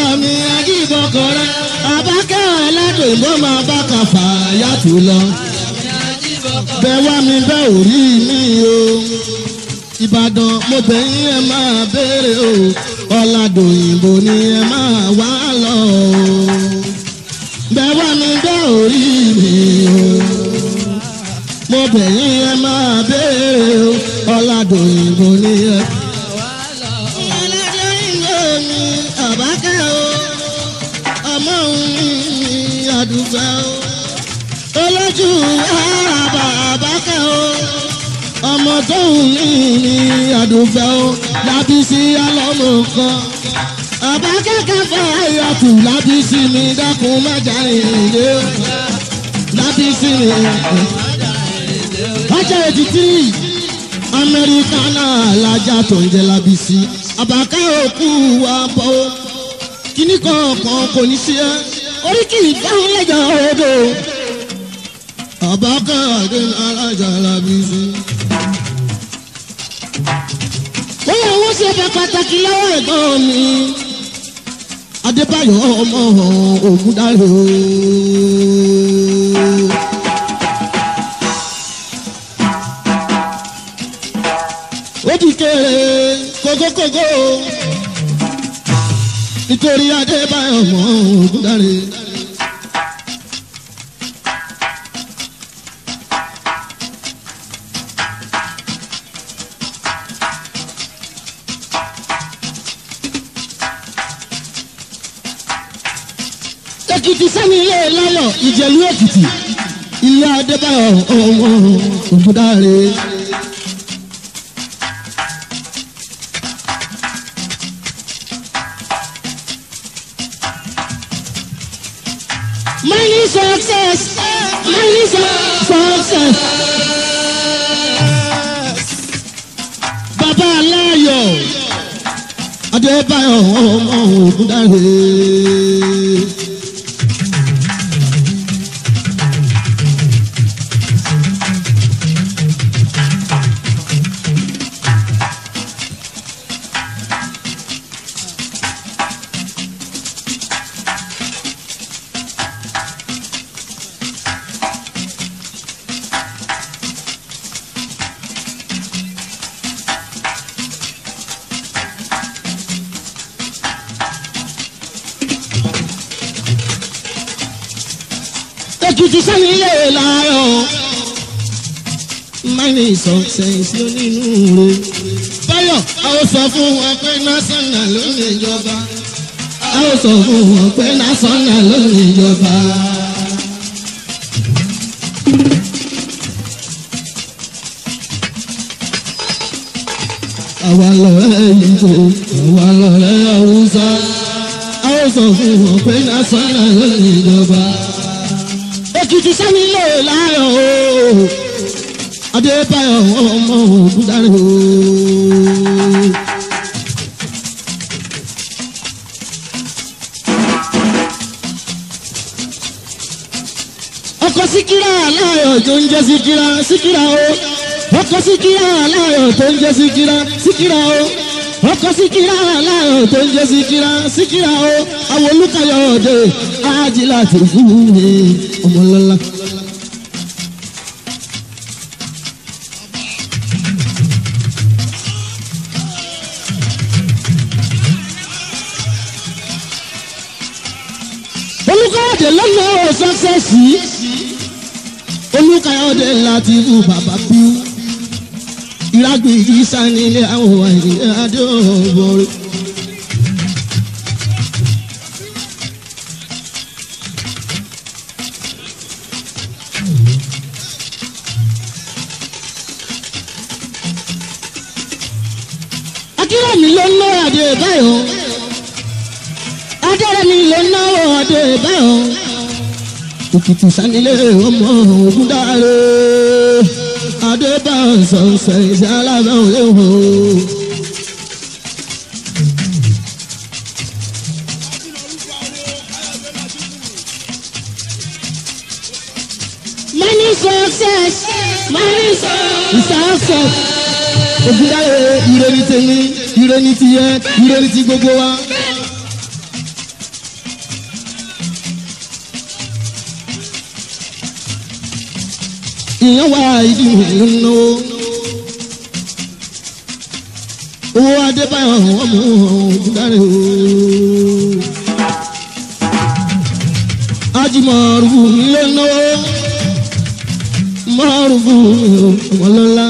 àmì ajíbọ̀kọ̀rẹ́ abákẹ́ aládùn ló máa bá kàfà yàtò lọ. bẹ́ẹ̀ wá mi bẹ́ẹ̀ ò rí mi o. Ìbàdàn mo bẹ̀ yín ẹ máa béèrè o ọ̀làdòyìnbó ni ẹ máa wá lọ o bẹ́ẹ̀ wá mi bẹ́ orí mi o mo bẹ̀ yín ẹ máa béèrè o ọ̀làdòyìnbó ni ẹ máa. ṣe o olójú ara bàbá kẹ o ọmọ tó ń ní ní àdùnfẹ́ o lábí sí alọ́mọ kan àbákẹ́kẹ́ fẹ́ àyàtù lábí sí mi dákun mẹ́jà ìrìndé o lábí sí mi ọjà ètùtù amẹ́ríkà náà lájà tó ń jẹ́ lábí sí àbákẹ́ òkú wa bọ́ kíní kọ̀ọ̀kan kò ní sí ẹ́ orí kì í dáhùn lẹ́jà odò. Àbákàdé alájà làbí sí. Ó yẹ owó ṣe fẹ́ pàtàkì lọ́wọ́ ẹ̀gbọ́n mi. Adébáyọ̀ ọmọ Ògúndáre o. Ó ti kéré kókókókó nítorí adébáyọ̀ mọ́ ògùn dáre. èkìtì sẹ́ni ilé láyọ̀ ìjẹ̀lú èkìtì ilé adébáyọ̀ ọmọ ògùn dáre. success. bàbá aláyọ̀ adébáyọ̀ ọmọ ògùn dáre. pé lásán náà ló ní ìjọba. àwa lọ̀rẹ́ Ìgbò àwa lọ̀rẹ́ Haúsá a ó sọ fún wọn pé lásán ló ní ìjọba. Èkìtì sẹ́mi lè láàárọ̀ o Adébáyọ̀ ọmọ ògùn dáre o. síkírà aláyọ̀ tó ń jẹ́ síkírà síkírà o ọkọ̀ síkírà aláyọ̀ tó ń jẹ́ síkírà síkírà o ọkọ̀ síkírà aláyọ̀ tó ń jẹ́ síkírà síkírà o àwọn olùkàyọ̀ ọ̀dẹ ajílà tìrìfù mi ọmọlọ́lá. Latifu Kayode Latifu bàbá bíu ìrágbé ìsánilé àwọn ènìyàn adé òbòrò. òkìtì sanilé ọmọ ògùn dáre adébánsọ̀nsẹ̀ ìṣe alábẹ́ òde hò. many success many success. ìsàsọ̀ ògùn dáre ire ni tèmi ire ni tiyẹ ire ti gbogbo wa. ìyẹn wà ìdí ìlú náwó owó adébáyọ̀ wọ́n mú ojúdáre o. ajimọ̀rùbù ló náwó mọ̀rùbù wọlọ́lá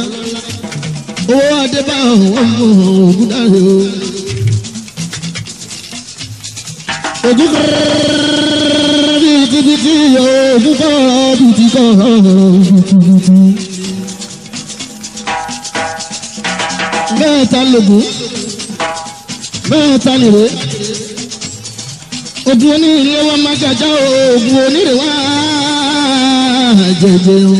owó adébáyọ̀ wọ́n mú ojúdáre o. ojú kọ́ra bíi tibitì ojú kọ́ra bíi tibitì. bẹ́ẹ̀ ta lògùn bẹ́ẹ̀ ta nìrè ogun onírè wa máa ṣàjà ogun onírè wa jẹjẹ o.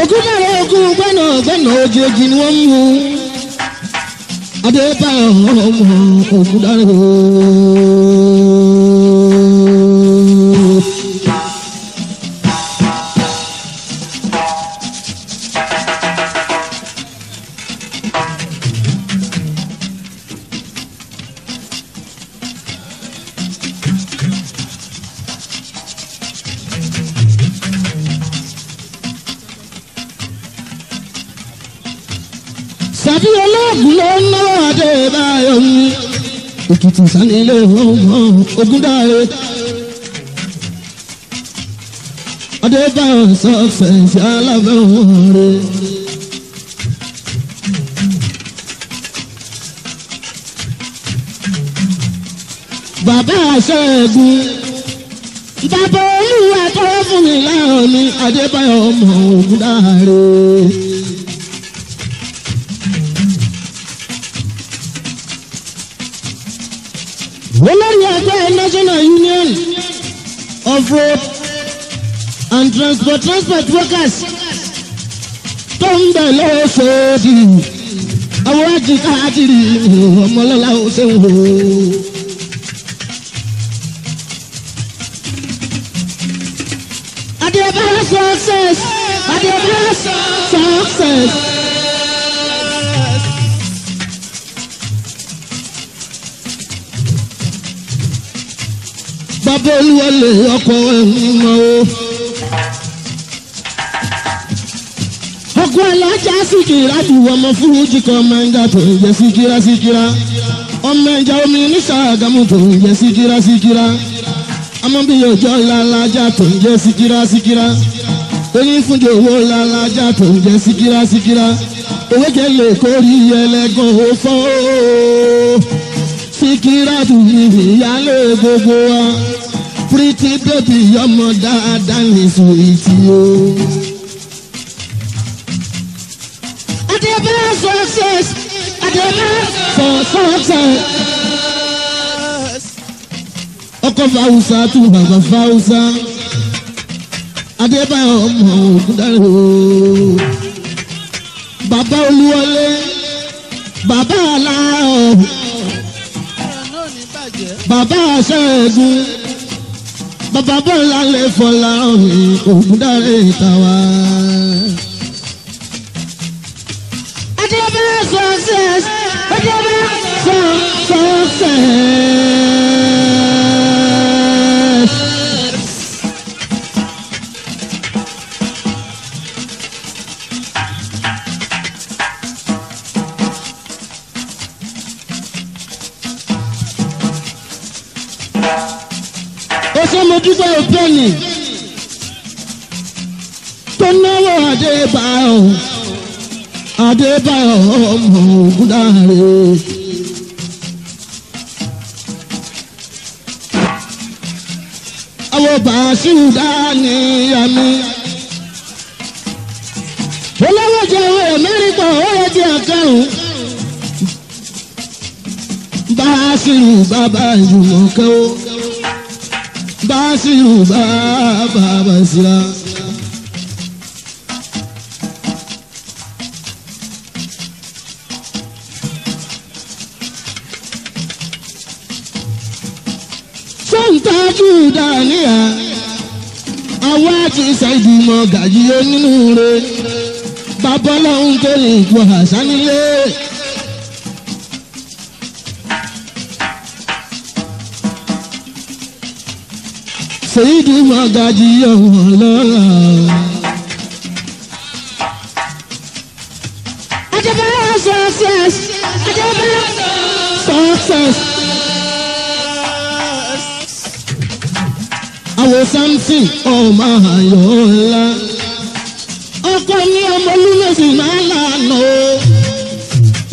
ogun mọ̀rọ̀ ogun gbẹ́nà gbẹ́nà ojoojú ni wọ́n mú adébáyọ̀ ọmọ o. òkìtì sanilé ogundare adébáyọ sọ fẹsẹ alábẹwọre. bàbá àṣẹgun bàbá olúwa tó fún mi láàrin adébáyọ ọmọ ogundare. olórí ẹgbẹ́ national union of road and transport transport workers tó ń bẹ̀ lọ́wọ́ sódì àwọn ajì káàkiri ọmọlọ́lá ó ṣe ń wò ó. Adiabala success! Adiabala success! olúwa lè ọkọ ẹ̀hún mọ́ síkìrá ti ọmọ fúrújì kan ọmọ ẹ̀ńgá tó ń jẹ síkìrá síkìrá ọmọ ẹ̀já omi ní Ṣàgámù tó ń jẹ síkìrá síkìrá ọmọ ọjọ́ lálàjà tó ń jẹ síkìrá síkìrá oyin fúnjẹ owó lálàjà tó ń síkìrá gbogbo wa. pretty baby, your mother than is with you. At the best success, at the best for success. Ọkọ̀ Fáwùsá tún bàbá Fáwùsá. Adébáyọ̀ ọmọ Ògúndáre o. Bàbá Olúwọlé, bàbá Aláàrọ̀, bàbá Aṣẹ́gun bàbá bọ́lá lè fọlá òyìn ògúndàrè ìtawà. adébẹ́rẹ́ sọ̀ọ́sẹ̀ adébẹ́rẹ́ sọ̀ọ́sẹ̀. Adébáyọ̀ Adébáyọ̀ ọmọ Ògúndáre. àwọn bàṣíù dání àmì. olówó jẹ owó amẹ́ríkà ó yẹ di àkàrùn. bàṣíù bàbá ìjùmọ̀kẹ́ ó bàṣíù bàbá bàṣírà. dàníyà àwa ti ṣàìdìmọ̀ gàjíyé nínú re bàbá ọlọ́run tó lè gbọ́ àṣà nílé. sèyídì mọ̀gájì ọ̀wọ̀n lọ́la. ajabala success ajabala success. ìyàwó Samson ọmọ ayọ̀ ńlá ọkọ ní ọmọ olúmọ̀sí máa lànà o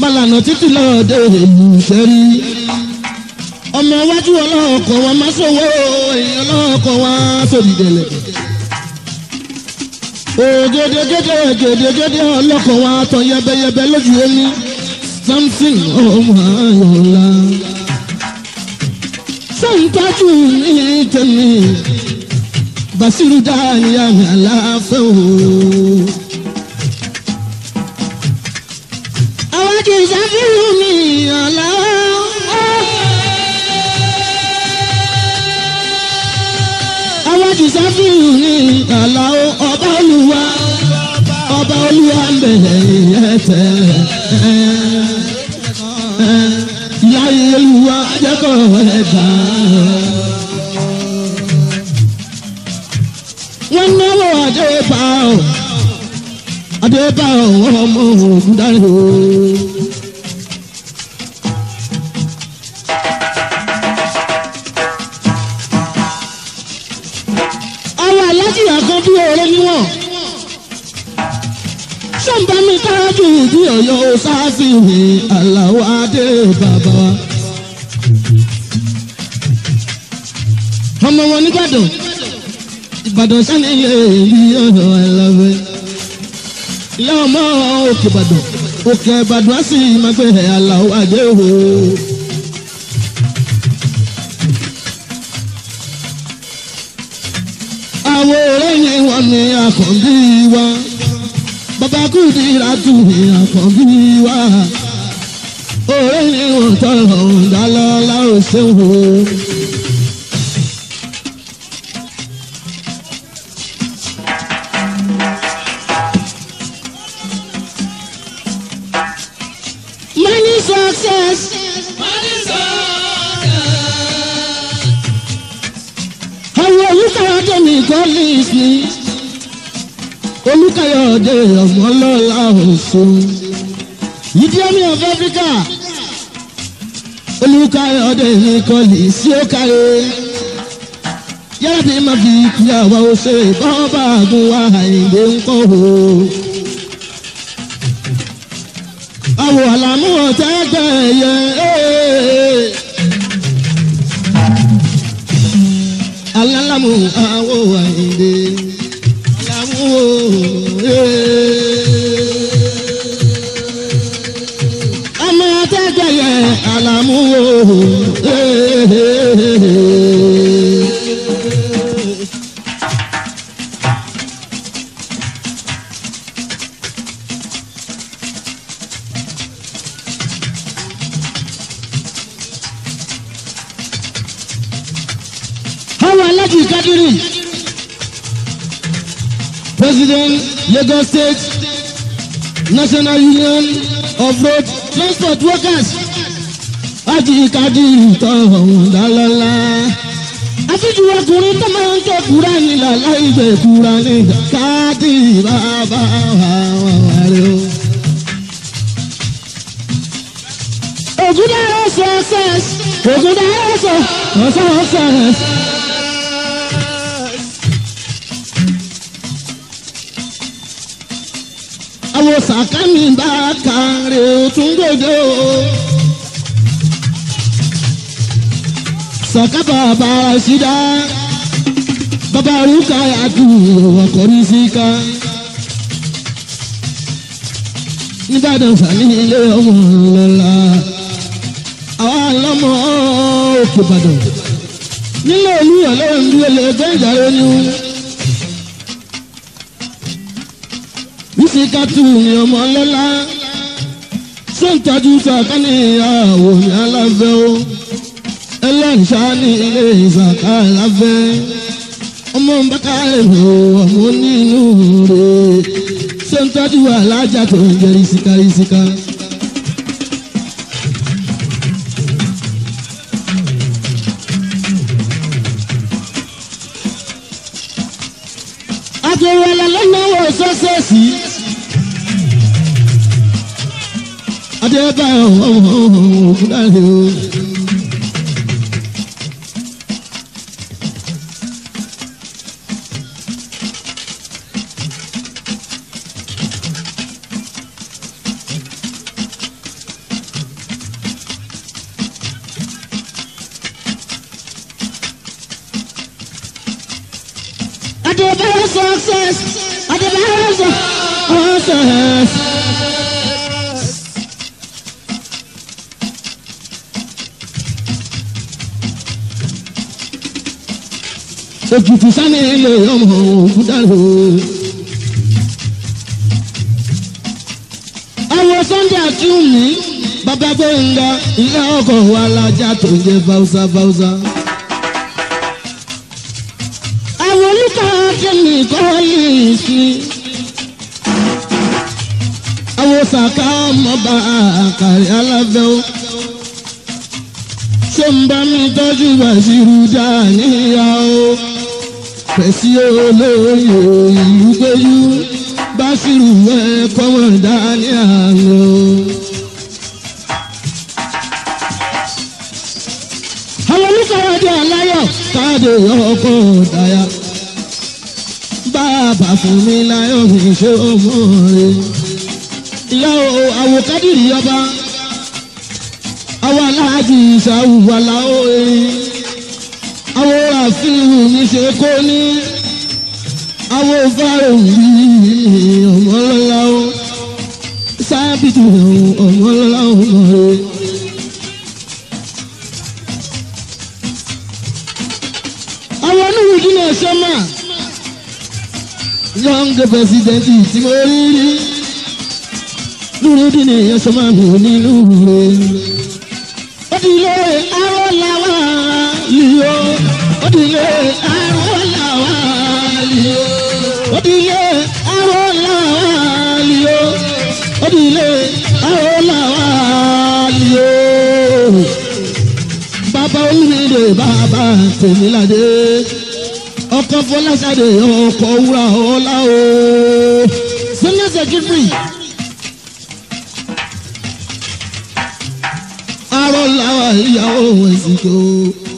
máa lànà títí náà dé èlú ìṣẹ́rí ọmọ iwájú ọlọ́ọ̀kọ̀ wa má sọ̀wọ́ èyí ọlọ́ọ̀kọ̀ wa sòdìdẹ̀lẹ̀ ògèdègèdè ògèdègèdè ọlọ́kọ̀ wa tọ̀ yẹbẹyẹbẹ lójú omi Samson ọmọ ayọ̀ ńlá dájú ní tèmi Basiru dáníyà mi aláfẹ́ o. àwọn kì í ṣàfihàn mi ọ̀la. àwọn kì í ṣàfihàn mi ọ̀la ọba olúwa ọba olúwa ń bẹ̀rẹ̀ jẹ́ kó lè bá wọ́n náwó àdébà ọ̀ àdébà ọ̀ wọ́n mọ òògùn dárí o. àwọn alájìyà kan bí ọ̀rẹ́ níwọ̀n sọ̀nbẹ́mi tájú bí ọ̀yọ́ sáfì àlàó adé bàbá wa. ọmọ wọn nìbàdàn ìbàdàn sani ilé ìlú ọ̀nà àlàfẹ́ ilé ọmọ òkè ìbàdàn òkè ìbàdàn á sì máa gbé àlàó àjẹ́ òhò. àwọn òròyìn wọn ni àkànbí wa bàbá kùdìrà tù ní àkànbí wa òròyìn wọn tọrọ ọ̀dà lọ́la ò ṣeun o. sí Olúkáyọ̀dé ọmọlọ́lá Osun Ìdí Àmì of Africa Olúkáyọ̀dé ìkọlì sí òkàyè yára ti máa fi ìyàwó ṣe bọ́ọ̀ bá gun wa àìlè ń kọ́ o. àwọ̀ àlàmú ọ̀tẹ́ alálàmù alamu, àyìndé alálàmù ọmọ alamu, yẹ alálàmù. Lagos State National Union of Road Transport Workers ajìkadì ìtọ̀hún dálọ́lá. Afíjú ọkùnrin tó máa ń tọ́ kúrá nílà láì jẹ́ kúrá ní káàdì bàbá àwọn àrẹ o. Ògùn dáhùn sọ ògùn dáhùn sọ wo sàkámì bá kàrè òtún gòdò. sàkábà bá a ṣí dá bàbá rúkà yàtú ìwọ̀n kọrí sí ká. nìbàdàn sàní ilé ọmọ lọ́la àwa lọ́mọ òkè ìbàdàn nílé olúyọ̀ lọ́wọ́ ń dúró lè bẹ́ẹ̀ jàre ní. Síkátù mi ọmọ lọ́lá sọ́ńtàjú sàkánì ìyàwó mi aláfẹ́ o ẹlẹ́nìṣá ní ilé ìsàká aláfẹ́ ọmọ bàtà èrò ọmọ nínú rè sọ́ńtàjú alájà tó ń jẹ́ ìsìká ìsìká. àjọyọ̀ jẹ́ báyọ̀ dáre o. Adébáyọ̀ success, Adébáyọ̀ success. òkìtì sani lè ọmọ òkun dàrú. àwọn sunday àtúnmí bàbá gbóngà ilé ọkọ̀ wa lájà tó ń jẹ báwùsà báwùsà. àwọn oníkà kìnnì kọ́ yìí sí. àwọn sàkà mọ́ba àkàrí alábẹ́ o ń bá mi tọ́jú wàṣírù dáa níyàwó fèsì olóyè ìlú gbéyú básírù ẹ kọ́mọ̀ dání àná. àwọn oníkàwádìí aláyọ̀ káàdì ọkọ̀ dáyà bàbá fún mi láyọ̀ mi ṣe ọmọ rẹ̀ ìyá àwòkádìrí ọba àwọn aláàjì ìṣàwùwàlà ó erin àwọn ràfíìlù mi ṣe kó ní àwọn fáwọnì ọmọlọ́lá o sábìtì ọmọlọ́lá ọmọ rẹ. àwọn oníwèé dínà sọ́mà young president tí mo rí rí lórí dínà sọ́mà mi nílùú rẹ. ó ti lóore àwọn làwọn yó òdìlé àwọn làwálì yó òdìlé àwọn làwálì yó òdìlé àwọn làwálì yó. bàbá olùmìnira bàbá tèmílàdé ọkọ fọláṣadé ọkọ wúrà ọlá o sílẹ̀ sẹ́kítírì. arọ́láwà ìyàwó ẹ̀sìn tó.